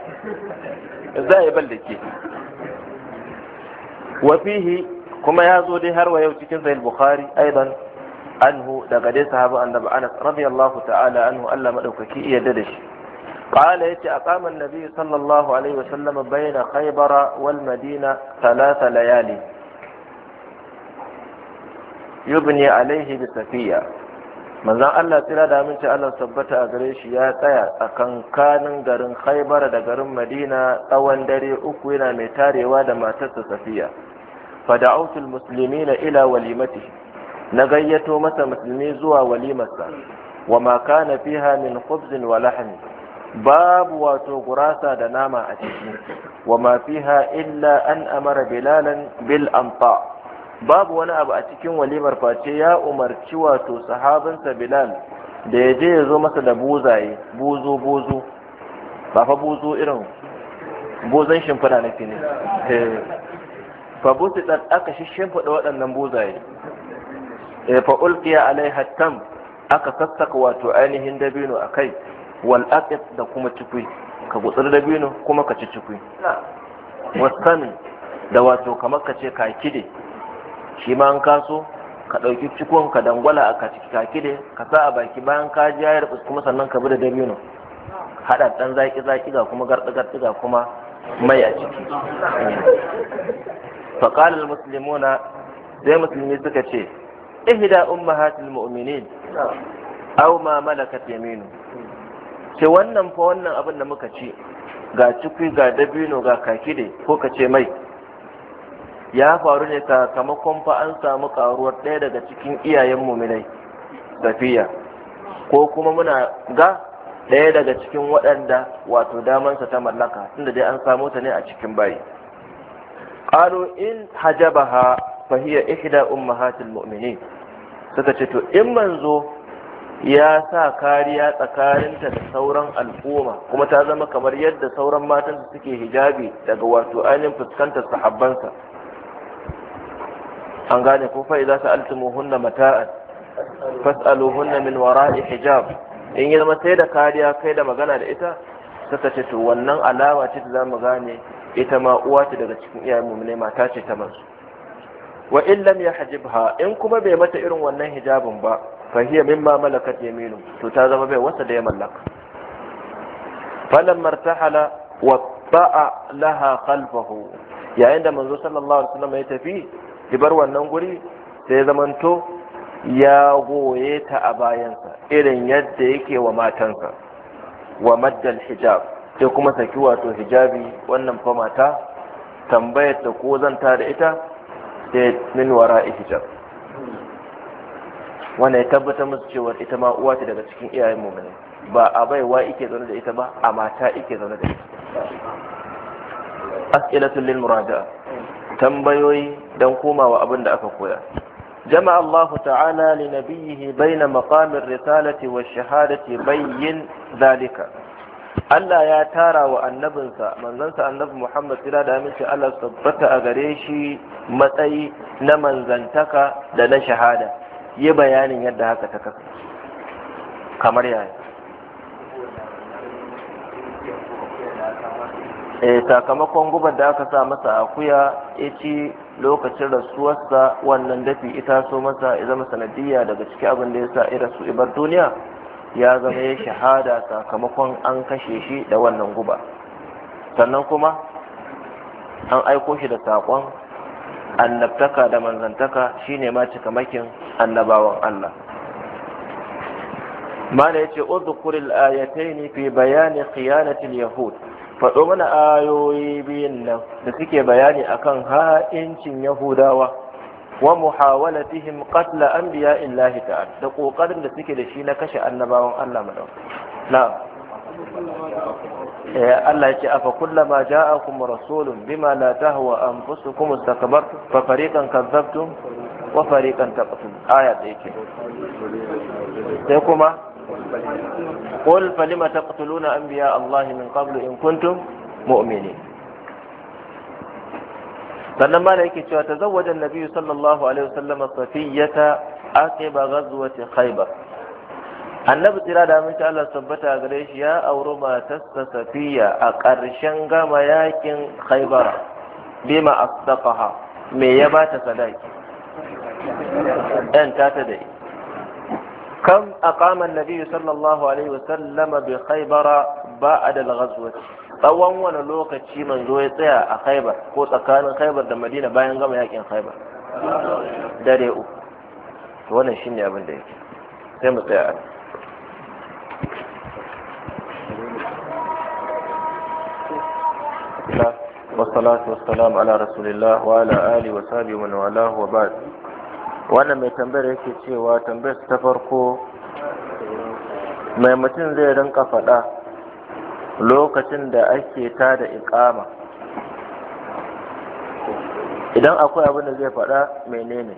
A: za ya da ke wa fihi kuma ya zo dai har wa yau cikin sahih bukhari aidan anhu daga dai sahaba annabi anas radiyallahu ta'ala anhu Allah madaukaki yadda da shi قال يتي أقام النبي صلى الله عليه وسلم بين خيبر والمدينة ثلاث ليالي يبني عليه بسفية manzon Allah tsira da aminci Allah tabbata a gare shi ya tsaya tsakankanin garin Khaibar da garin Madina tsawon dare uku yana mai tarewa da matarsa Safiya fada'utul muslimina ila walimati na gayyato masa musulmi zuwa walimarsa wa ma kana fiha min khubzin wa lahmi babu wato gurasa da nama a ciki wa ma fiha illa an amara bilalan bil amta babu wani abu a cikin walimar face ya umarci wato sahabinsa bilal da ya je ya zo masa da buzaye buzo buzo ba fa buzo irin buzon shimfiɗa nake eh, fa busi dan aka shimfiɗa waɗannan buzaye eh, fa ulqiya alai tam aka sassaka wato ainihin dabino a kai wal aqid da kuma Cukwi, ka gutsuri da bino kuma ka ci cikui wasani da wato kamar ka ce kakide shi ma an kaso ka ɗauki cikon ka dangwala a ka ciki ka sa a baki bayan ka ji ya kuma sannan ka bi da dabino haɗa ɗan zaƙi-zaƙi ga kuma garɗi-garɗi ga kuma mai a ciki faƙalar musulmuna sai musulmi suka ce ihda ummahatil mu'minin aw ma malakat yaminu ce wannan fa wannan abin da muka ci ga cikin ga dabino ga kaki ne ko ka ce mai ya faru ne sakamakon fa an samu karuwar ɗaya daga cikin iyayen muminai safiya ko kuma muna ga ɗaya daga cikin waɗanda wato damansa ta mallaka tunda dai an samu ta ne a cikin bayi qalu in hajabaha fa hiya ihda ummahatil mu'minin suka ce to in manzo ya sa kariya tsakaninta da sauran al'umma kuma ta zama kamar yadda sauran matansa suke hijabi daga wato ainihin fuskantar sahabbansa an gane ko fa'iza hunna mata'an hunna min wara'i hijab in ya zama sai da kariya kai da magana da ita suka ce to wannan alama ce ta zamu gane ita ma uwa ce daga cikin iyaye mu mata ce ta mansu wa ya lam yahjibha in kuma bai mata irin wannan hijabin ba fa hiya mimma malakat yaminu to ta zama bai wasa da ya mallaka falan martahala wa ta'a laha khalfahu yayin da manzo sallallahu alaihi wasallam ya tafi bar wannan guri sai zamanto ya goye ta a bayansa irin yadda yake wa matansa wa maddal hijab sai kuma saki wato hijabi wannan fa mata tambayar ta ko zanta da ita sai min wara hijab wanda ya tabbatar musu cewa ita ma uwa ce daga cikin iyayen mu ba a baiwa ike zaune da ita ba a mata ike zaune da ita as'ilatul lil muraja'a tambayoyi dan komawa abin da aka koya جمع الله تعالى لنبيه بين مقام الرسالة والشهادة بين zalika. Allah ya tara wa annabinsa manzansa annabi Muhammad kira da aminci Allah tabbata a gare shi matsayi na manzantaka da na shahada yi bayanin yadda haka ta kasa, kamar yaya e sakamakon gubar da aka sa masa akuya ya ci lokacin rasuwarsa wannan dafi ita so masa ya zama sanadiyya daga ciki abin da ya sa ira su ibar duniya ya zama ya shahada sakamakon an kashe shi da wannan guba sannan kuma an aiko shi da saƙon annabtaka da manzantaka shine ma cikamakin annabawan Allah mana yace ayatai ne fi bayani khiyanatil yahud faɗo mana ayoyi biyun nan da suke bayani akan ha'incin yahudawa wa muhawalatihim qatla anbiya illahi ta'ala da kokarin da suke da shi na kashe annabawan Allah madau na'am
B: Eh, Allah
A: yake afa kullama ja'akum rasulun bima la tahwa anfusukum istakbartum fa fariqan kadzabtum wa fariqan taqtum aya da yake sai kuma qul falima taqtuluna anbiya Allah min qablu in kuntum mu'minin sannan ma da yake cewa tazawwaja an-nabi sallallahu alaihi wasallam safiyata aqiba ghazwati khaybar annabi tira da aminci Allah tabbata gare shi ya auri matarsa safiya a ƙarshen gama yakin khaibara bima asdaqaha me ya ba ta sadaki dan ta ta dai kam aqama annabi sallallahu alaihi wa sallam bi khaibara ba'da al-ghazwa tsawon wani lokaci manzo ya tsaya a khaibar ko tsakanin khaibar da madina bayan gama yakin khaibar dare uku wannan shine abin da yake sai mu tsaya a والصلاة والسلام على رسول الله وعلى آله وصحبه ومن والاه وبعد وانا ما tambayar yake cewa tambayar ta ما يمتن mutum رنك فلا faɗa lokacin da ake ta da idan akwai abin da zai faɗa menene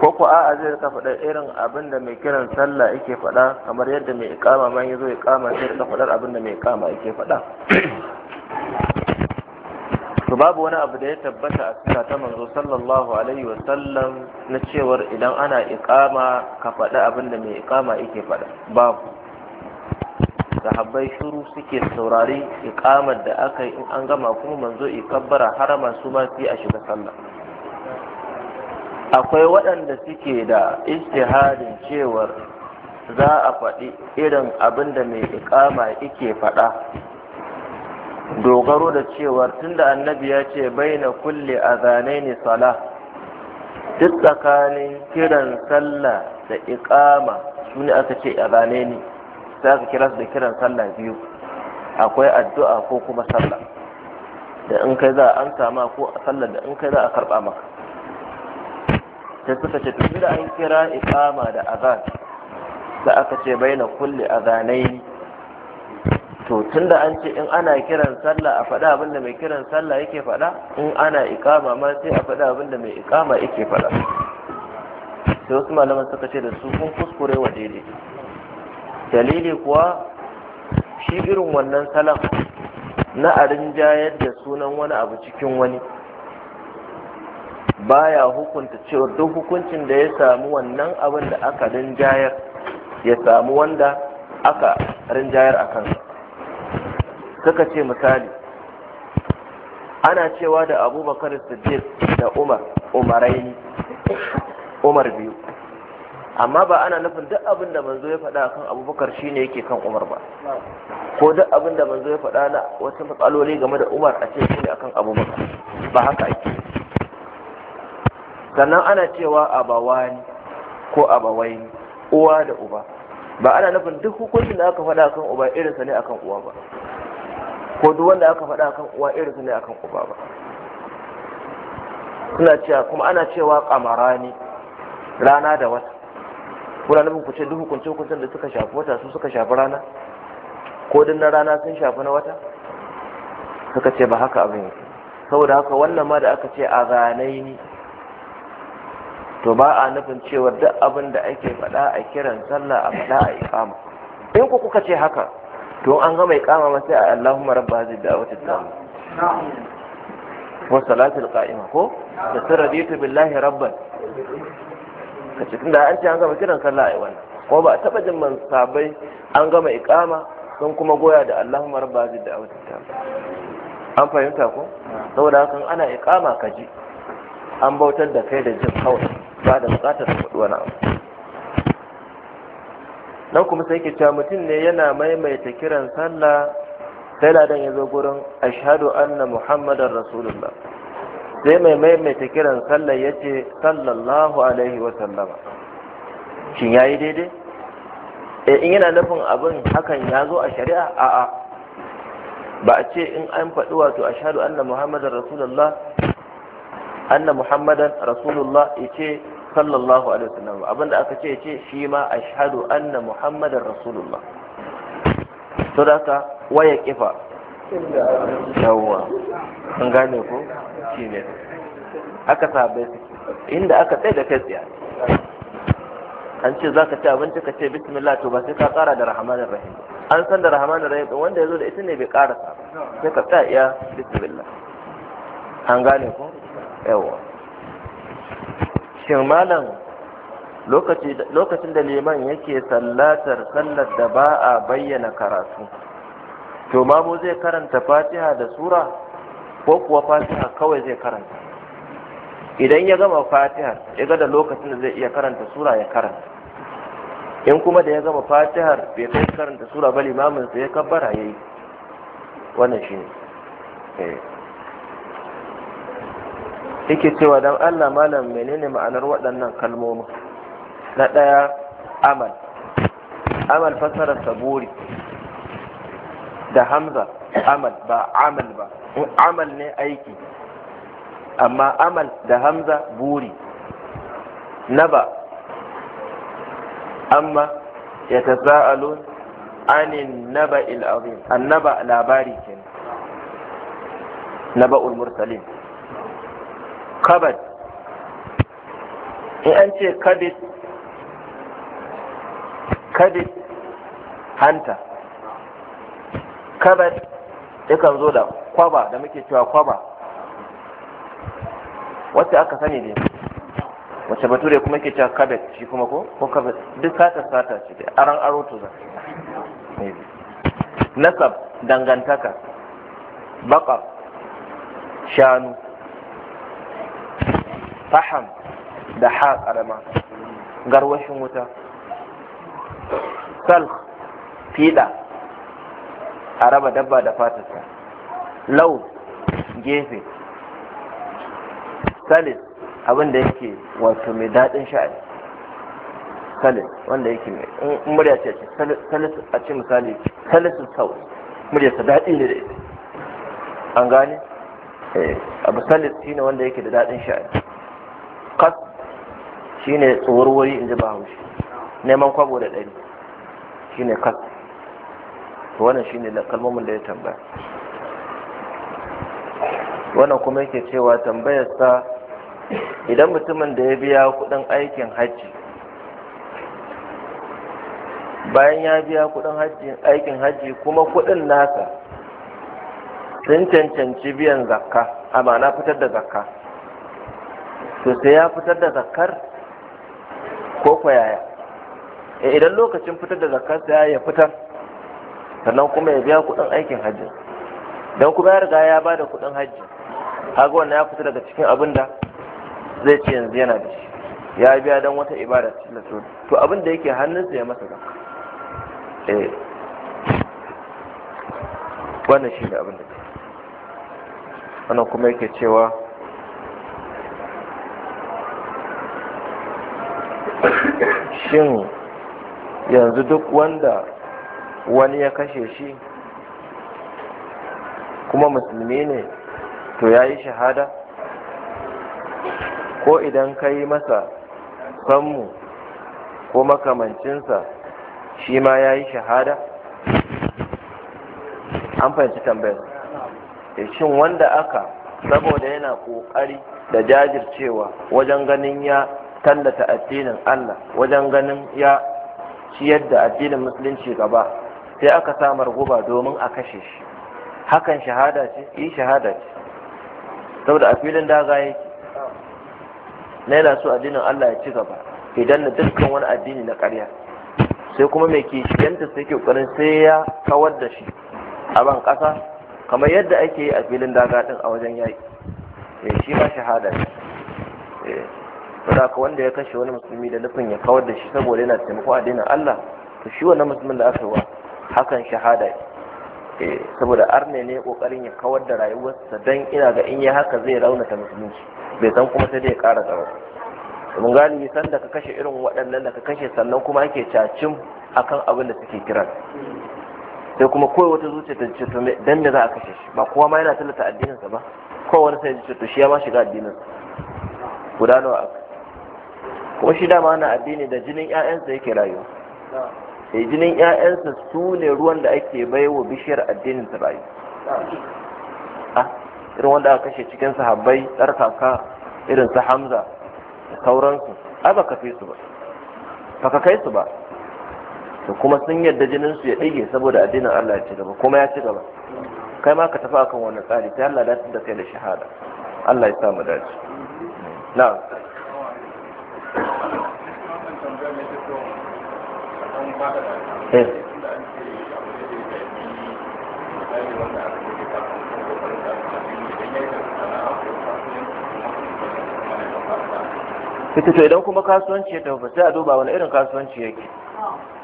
A: ko ko a'a zai rika faɗa irin abin da mai kiran sallah yake faɗa kamar yadda mai iƙama man yazo iƙama sai rika faɗar abin da mai iƙama yake faɗa to babu wani abu da ya tabbata a suna ta manzo sallallahu alaihi wa sallam na cewar idan ana iqama ka faɗi abin da mai iqama yake faɗa babu sahabbai shuru suke saurari iqamar da aka yi in an gama kuma manzo ikabbara harama su ma sai a shiga sallah akwai waɗanda suke da istihadin cewar za a faɗi irin abin da mai iqama yake faɗa dogaro da cewar tunda annabi ya ce baina kulli azanaini sala duk tsakanin kiran sallah da iqama su ne aka ce azanaini sai aka kira su da kiran sallah biyu akwai addu'a ko kuma sallah da in kai za a amsa ma ko sallah da in kai za a karba maka sai suka ce tunda an kira iqama da azan sai aka ce baina kulli azanaini to tunda an ce in ana kiran sallah a faɗa abin da mai kiran sallah yake faɗa in ana ikama ma sai a faɗa abin da mai ikama yake faɗa sai wasu malaman suka ce da su kun kuskure wa daidai dalili kuwa shi irin wannan salam na a rinjayar da sunan wani abu cikin wani baya hukunta cewa duk hukuncin da ya samu wannan abin da aka rinjayar ya samu wanda aka rinjayar a kansa suka ce misali ana cewa da abubakar siddiq da umar umaraini umar biyu amma ba ana nufin duk abin da manzo ya faɗa kan abubakar shine yake kan umar ba ko duk abin da manzo ya faɗa na wasu matsaloli game da umar a ce ne akan abubakar ba haka ake sannan ana cewa abawani ko abawaini uwa da uba ba ana nufin duk hukuncin da aka faɗa kan uba irinsa ne akan uwa ba ko duk wanda aka faɗa akan uwa irin su ne akan uba ba suna cewa kuma ana cewa kamarani rana da wata kuna nufin ku ce duk hukunce hukuncen da suka shafi wata su suka shafi rana ko duk na rana sun shafi na wata suka ce ba haka abin yake saboda haka wannan ma da aka ce a zanai ni to ba a nufin cewa duk abin da ake faɗa a kiran sallah a faɗa a ikama in ku kuka ce haka to an gama ikama kama mace a Allahumma rabba hadhihi da'wati tamma wa salatul qa'ima ko da sarraditu billahi rabban kace tunda an ce an gama kiran a ai wannan ko ba a taba jin man sabai an gama ikama sun kuma goya da Allahumma rabba hadhihi da'wati tamma an fahimta ko saboda kan ana ikama kaji an bautar da kai da jin kawai ba da bukatar wani abu nan kuma sai ke cewa mutum ne yana maimaita kiran sallah sai ladan ya zo gurin ashhadu anna muhammadar rasulullah sai mai maimaita kiran sallah ya ce sallallahu alaihi wa sallama shin ya yi daidai e in yana nufin abin hakan ya zo a shari'a a'a ba a ce in an faɗi wato ashhadu anna muhammadar rasulullah anna muhammadan rasulullah ya ce sallallahu alaihi wasallam abinda aka ce ce shi ma ashhadu anna muhammadar rasulullah to da ka waya kifa
B: yawwa an gane ko ne
A: aka sabai inda aka tsaye da kai tsiya an ce za ka ci abinci ka ce bismillah to ba sai ka kara da rahmanin rahim an san da rahmanin rahim wanda ya zo da ita ne bai karasa sai ka tsaya iya bismillah an gane ko yawa shin malam lokacin da liman yake sallatar sallar da ba a bayyana karatu to mu zai karanta fatiha da sura ko kuwa fatiha kawai zai karanta idan ya gama fatihar ya ga da lokacin da zai iya karanta sura ya karanta in kuma da ya gama fatihar bai kai karanta sura ba limamin sai ya kabbara yayi wannan shine eh yake cewa dan Allah malam menene ma'anar waɗannan kalmomi na ɗaya amal amal fasarar saburi da hamza amal ba amal ba amal ne aiki amma amal da hamza buri na ba amma ya tasa'alun anin naba il annaba labari kenan naba ul mursalin kabad in an ce kabid kabid hanta kabad yakan zo da kwaba da muke cewa kwaba wacce aka sani ne wacce bature kuma ke cewa kabad shi kuma ko ko kabad duk sata sata ce dai aran aro to za nasab dangantaka bakar shanu faham da ha karama garwashin wuta Sal fiɗa a raba dabba da fatarsa lau gefe salis abin da yake wato mai daɗin sha'ani salis wanda yake mai murya ce salis a ce misali salisu sau muryarsa daɗi ne da ita an gane eh, abu salis shine wanda yake da daɗin sha'ani shi shine tsuwarwari in ji haushi, neman kwabo da ɗari shine kat wannan shine kalmomin da ya tambaya wannan kuma yake cewa tambayarsa idan mutumin da ya biya kudin aikin hajji bayan ya biya kudin aikin hajji kuma kudin nasa sun cancanci biyan zakka a ma'ana fitar da zakka to sai ya fitar da zakar ko kwayaya eh, idan lokacin fitar da zakar sai ya fitar sannan kuma ya biya kudin aikin hajji don kuma ya riga ya ba da kudin hajji kaga wannan ya fita daga cikin abin da zai ce yanzu yana da shi ya biya don wata ibada cikin da to abin da yake hannunsa ya masa zakar eh wannan shi ne abin da ke wannan kuma yake cewa shin yanzu duk wanda wani ya kashe shi kuma musulmi ne to ya yi shahada ko idan ka yi masa sanmu ko makamancinsa shi ma ya yi shahada an fahimci tambayar eh, shin wanda aka saboda yana ƙoƙari da jajircewa wajen ganin ya tallata addinin Allah wajen ganin ya ciyar da addinin musulunci gaba sai aka samar guba domin a kashe shi hakan shahada ce yi e, shahada ce saboda a filin daga yake na yana so addinin Allah ya ci gaba idan na dukkan wani addini na karya sai kuma mai kishiyanta sai ke ƙoƙarin sai ya kawar da shi a ban ƙasa kamar yadda ake yi a filin daga ɗin a wajen yaƙi eh, shi ma shahada ne saboda ka wanda ya kashe wani musulmi da nufin ya kawar da shi saboda yana taimako a dinin Allah to shi wannan musulmin da aka wa hakan shahada eh saboda arne ne kokarin ya kawar da rayuwarsa dan ina ga in ya haka zai raunata musulunci bai san kuma sai dai ya ƙara gaba mun gani san da ka kashe irin waɗannan da ka kashe sannan kuma ake cacin akan abin da suke kira sai kuma kawai wata zuciya ta ce to dan da za a kashe shi ba kowa ma yana tallata addininsa ba kowa wani sai ya ce to shi ya ma shiga addininsa nawa. kuma shi dama na addini da jinin ƴaƴansa yake rayuwa sai eh, jinin ƴaƴansa su ne ruwan da ake baiwa bishiyar addinin ta rayu ah, irin wanda aka kashe cikin sahabbai tsarkaka irin su hamza da sauransu ai baka fi su ba baka kai su ba to kuma sun yarda jinin su ya ɗige saboda addinin Allah ya ci gaba kuma ya ci gaba kai ma ka tafi akan wannan tsari sai Allah da da kai da shahada Allah ya samu dace na'am ita eh. to idan kuma kasuwanci ya tafi sai a duba wani irin kasuwanci yake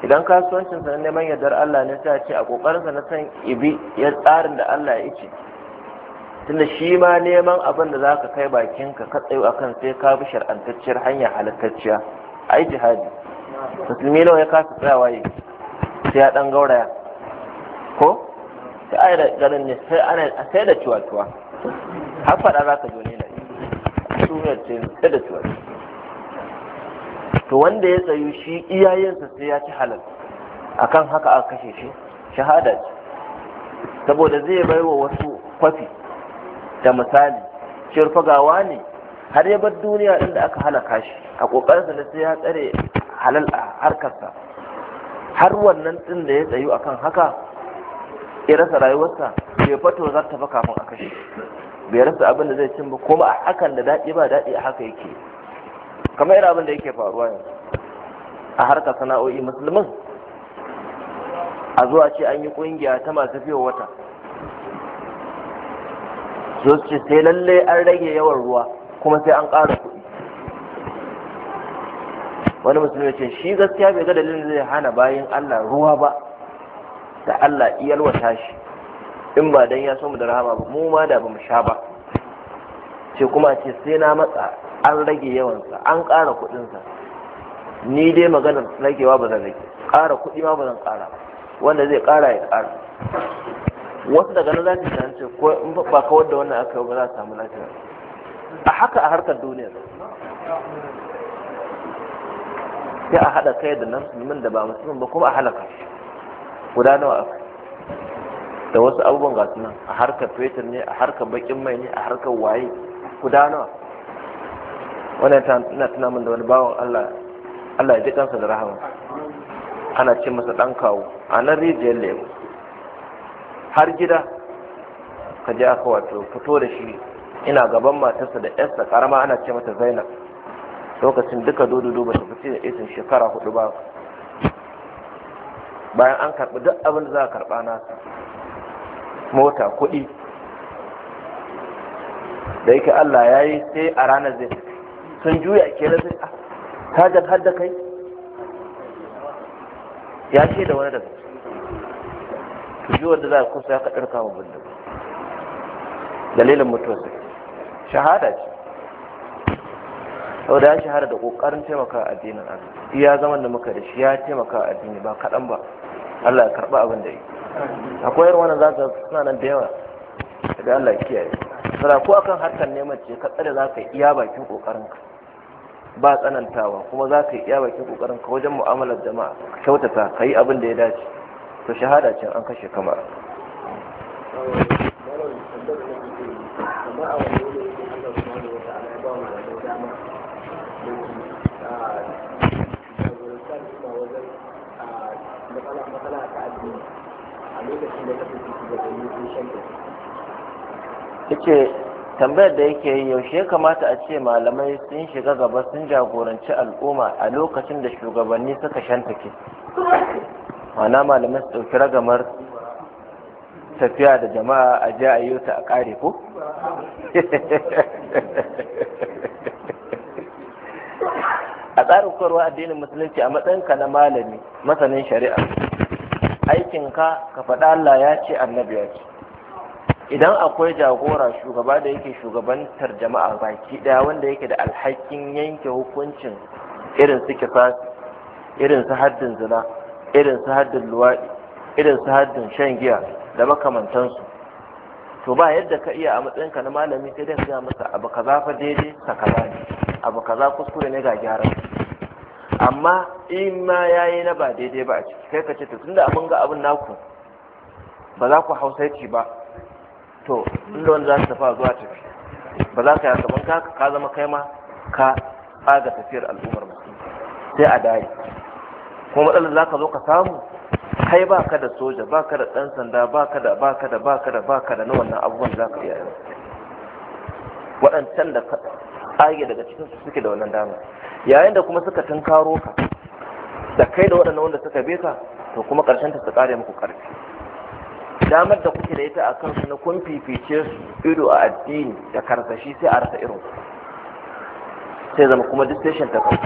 A: idan kasuwancin sa neman yardar Allah ne sai a ce a kokarin na san ibi ya tsarin da Allah ya ce tunda shi ma neman abin da zaka kai bakin ka ka tsayo akan sai ka bi shar'antacciyar hanya halattacciya ai jihadi musulmi nawa ya kasa tsayawa yake sai ya dan gauraya ko sai yi da ganin ne sai ana sai da ciwa-ciwa har faɗa za ka zo na na duniyar ce sai da ciwa to wanda ya tsayu shi iyayensa sai ya ci halal akan haka aka kashe shi shahada ce saboda zai bai wa wasu kwafi da misali shirfa gawa ne har ya bar duniya inda aka halaka shi a ƙoƙarsa na sai ya tsare halal a harkarsa har wannan ɗin da ya tsayu akan haka ya rasa rayuwarsa bai fato za ta fa kafin a kashe bai rasa abin da zai cin ba kuma a hakan da daɗi ba daɗi a haka yake kamar irin abin da yake faruwa yanzu a harkar sana'o'i musulmin a zuwa ce an yi ƙungiya ta masu fiye wata su ce sai lallai an rage yawan ruwa kuma sai an ƙara kuɗi wani musulmi ce shi gaskiya bai ga dalilin zai hana bayan Allah ruwa ba da Allah iyalwata shi in ba dan ya so mu da rahama ba mu ma da bamu sha ba ce kuma ce sai na matsa an rage yawansa an ƙara kuɗinsa ni dai magana ragewa ba zan rage ƙara kuɗi ma ba zan ƙara wanda zai ƙara ya ƙara wasu daga nan za su san ce ko in ba kawar da wannan aka yi ba za su samu lafiya a haka a harkar duniya sai a haɗa kai da nan musulmin da ba musulmin ba kuma a halaka guda nawa aka da wasu abubuwan ga nan a harkar fetur ne a harkar bakin mai ne a harkar waye guda nawa wannan ta ina tuna min da wani bawan Allah Allah ya ji kansa da rahama ana ce masa dan kawo a nan rijiyar lemu har gida ka je aka wato fito da shi ina gaban matarsa da 'yasta karama ana ce mata Zainab lokacin duka dododo ba su fice da isin shekara hudu ba bayan an karɓi duk abin da za a karɓa nasa mota kuɗi da yake Allah ya yi sai a ranar zai sun juya ke na zai hajjar ah, hadda kai ya ce da wani daga juwar da za a kusa ya kaɗar kawo wa bindin dalilin mutuwarsa shahada ce sau da ya shahara da kokarin taimaka a addinin Allah iya zaman da muka da shi ya taimaka a addini ba kaɗan ba Allah ya karɓi abin da yi akwai irin wannan zaka suna nan da yawa da Allah ya kiyaye sara ko akan harkar neman ce ka tsare ka iya bakin kokarin ka ba tsanantawa kuma za ka iya bakin kokarin ka wajen mu'amalar jama'a ka kyautata ka yi abin da ya dace to shahada ce an kashe kamar yace tambayar da yake yi yaushe ya kamata a ce malamai sun shiga gaba sun jagoranci al'umma a lokacin da shugabanni suka shantake mana malamai su ɗauki ragamar tafiya da jama'a a ji a yi a ƙare ko a tsarin koyarwa addinin musulunci a matsayinka na malami masanin shari'a aikinka ka faɗa Allah ya ce annabi ya ce idan akwai jagora shugaba da yake shugabantar jama'a baki daya wanda yake da alhakin yanke hukuncin irin su kifas irin su haddin zina irin su haddin luwaɗi irin su haddin shan giya da makamantansu to ba yadda ka iya a matsayinka na malami sai dai ka masa abu kaza fa daidai ka kaza ne abu kaza kuskure ne ga gyaran amma in ma yayi na ba daidai ba a ciki kai ka ce to tunda mun ga abin naku ba za ku hausaici ba to inda wanda za su tafi zuwa tafi ba za ka yi gaban ka ka zama kai ma ka tsaga tafiyar al'ummar musulmi sai a dai kuma matsalar za ka zo ka samu kai ba ka da soja ba ka da ɗan sanda ba ka da ba ka da ba ka da ba ka da na wannan abubuwan za ka iya waɗancan da ka tsage daga cikin su suke da wannan dama yayin da kuma suka tunkaro ka da kai da waɗannan wanda suka ka to kuma ƙarshen ta su ƙare muku ƙarfi damar da kuke da ita a kansu na kun fifice su ido a addini da karsashi sai a rasa irin sai zama kuma duk station ta kai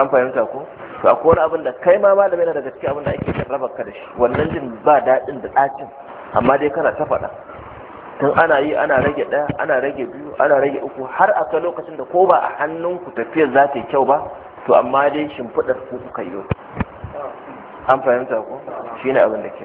A: an fahimta ko to akwai wani abin da kai ma malami na daga cikin abin da ake jarraba ka da shi wannan jin ba daɗin da ɗacin amma dai kana ta faɗa tun ana yi ana rage ɗaya ana rage biyu ana rage uku har a kai lokacin da ko ba a hannunku tafiyar za ta yi kyau ba to amma dai shimfiɗar ku kuka yi an fahimta ko shi ne abin da ke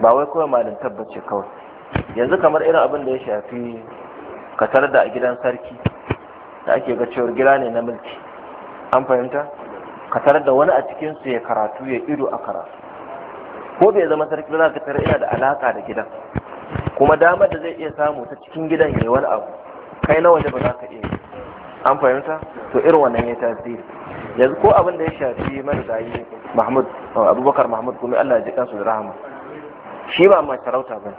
A: ba wai kawai malin tabbace kawai yanzu kamar irin abin da ya shafi katar da a gidan sarki da ake ga cewar gida ne na mulki an fahimta katar da wani a cikinsu ya karatu ya ido a karatu ko bai zama sarki ba za ka tare yana da alaka da gidan kuma damar da zai iya samu ta cikin gidan ya yi wani abu kai na waje ba za ka iya yi. an fahimta to irin wannan ya tasiri yanzu ko abin da ya shafi marigayi mahmud abubakar mahmud kuma allah ya ji kansu da rahama shi ba mai sarauta ba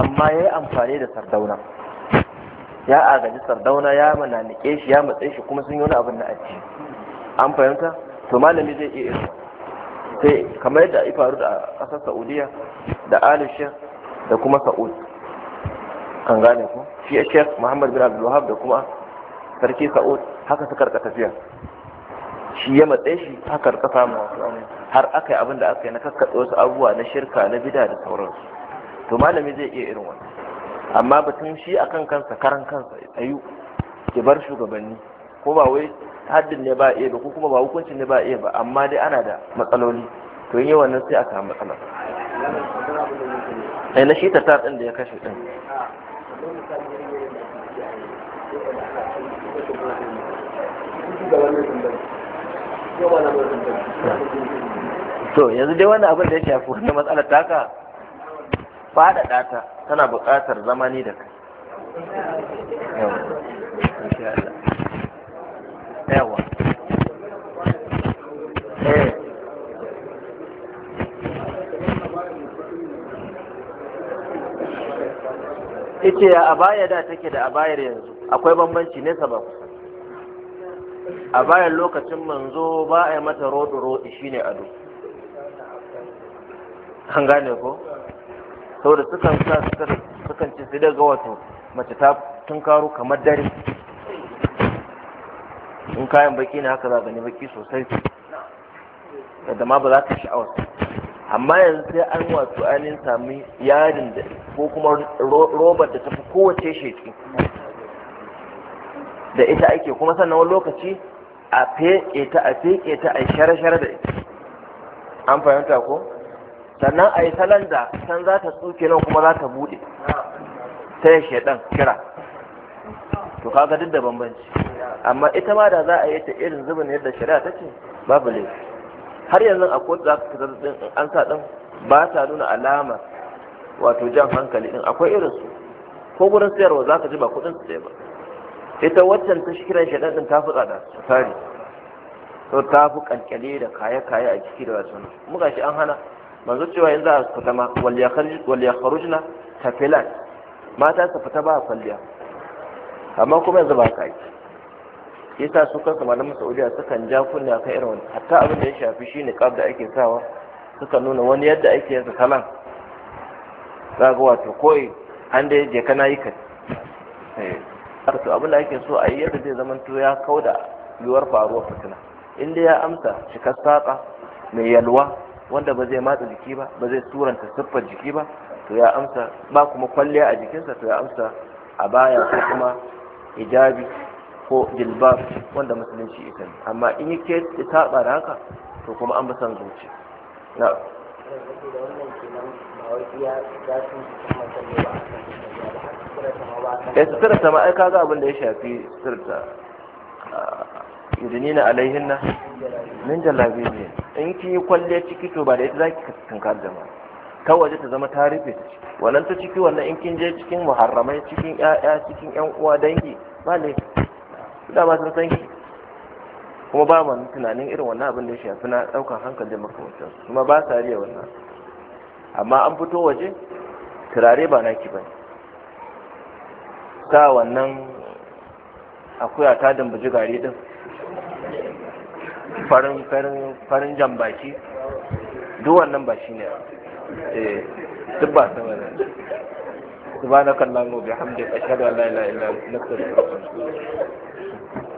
A: amma ya yi amfani da sardauna ya agaji sardauna ya mananike shi ya matsayi shi kuma sun yi wani abin na aji an fahimta to malami zai iya irin sai kamar yadda ya faru da ƙasar saudiya da alishin da kuma sa'ud kan gane ku shi shek muhammad bin abdulwahab da kuma sarki sa'ud haka suka rika tafiya shi ya matsayi shi haka rika samu wasu har aka yi abin da aka yi na kakkatsa wasu abubuwa na shirka na bida da sauransu to malami zai iya irin wannan amma batun shi a kan kansa karan kansa tsayu ke bar shugabanni ko ba wai haddin ne ba iya ba ko kuma ba hukuncin ne ba iya ba amma dai ana da matsaloli to yin wannan nan sai a samu matsala eh na shi tatar din da ya kashe din yawa to yanzu dai wannan abin da ya shafi wata matsalar taka fada ta tana buƙatar zamani da kai
B: yawa ita ya eh.
A: abaya da take da abayar yanzu akwai bambanci nesa ba kusa a bayan lokacin manzo ba a yi mata roɗi-roɗi shine ado an gane ko saboda sukan sa sukan ce sai daga wato mace ta tun karo kamar dare in kayan baki ne haka za gani baki sosai yadda ma ba za ta sha'awar amma yanzu sai an wato ainihin sami yarin da ko kuma robar da tafi kowace sheki da ita ake kuma sannan wani lokaci a feƙe ta a feƙe ta a share-share da ita an fahimta ko sannan a yi salon da can za ta tsuke nan kuma za ta buɗe ta yi shaidan kira to kaga duk da bambanci amma ita ma da za a yi ta irin zubin yadda shari'a ta ce babu laifi har yanzu a kotu za ka fitar din an sa din ba ta nuna alamar wato jan hankali din akwai irin su ko gurin sayarwa za ka ji ba kuɗin su ba ita waccan ta kiran shaidan din ta fi tsada tari. to ta fi kankale da kaye-kaye a ciki da wasu muka shi an hana manzo cewa yanzu a fita ma wal na kafilan mata su fita ba kwalliya amma kuma yanzu ba ka yi yasa su kanka malaman Saudiya sukan ja kunna kan irin wani hatta abin da ya shafi shi niqab da ake sawa suka nuna wani yadda ake yanzu kalan ga wato koyi an da je kana yi kai eh, to abin da ake so a yi yadda zai zama to ya kauda yiwuwar faruwar fitina inda ya amsa ka saƙa mai yalwa wanda ba zai matsa jiki ba ba zai turanta siffar jiki ba to ya amsa ba kuma kwalliya a jikinsa to ya amsa a baya ko kuma hijabi ko jilbab wanda musulunci ita ne amma in yi ke ta da haka to kuma an basan zuci na ya eh, sutura sama ai kaga abin da ya shafi sutura yudinina alaihinna min jallabiyya in ki yi kwalle ciki to ba da yadda zaki tunkar ma. ta waje ta zama ta rufe wannan ta ciki wannan in kin je cikin muharramai cikin ƴaƴa cikin ƴan uwa dangi ba ne da ba sun san kuma ba mu tunanin irin wannan abin da ya shafi na ɗaukar hankalin makamantan kuma ba sa riya wannan amma an fito waje turare ba naki bane sa wannan akuya ta dambaji gari din farin farin farin jambaki duk wannan ba shi ne eh duk ba sama ne wa bihamdika ashhadu an la ilaha illa anta astaghfiruka wa atubu
B: ilaik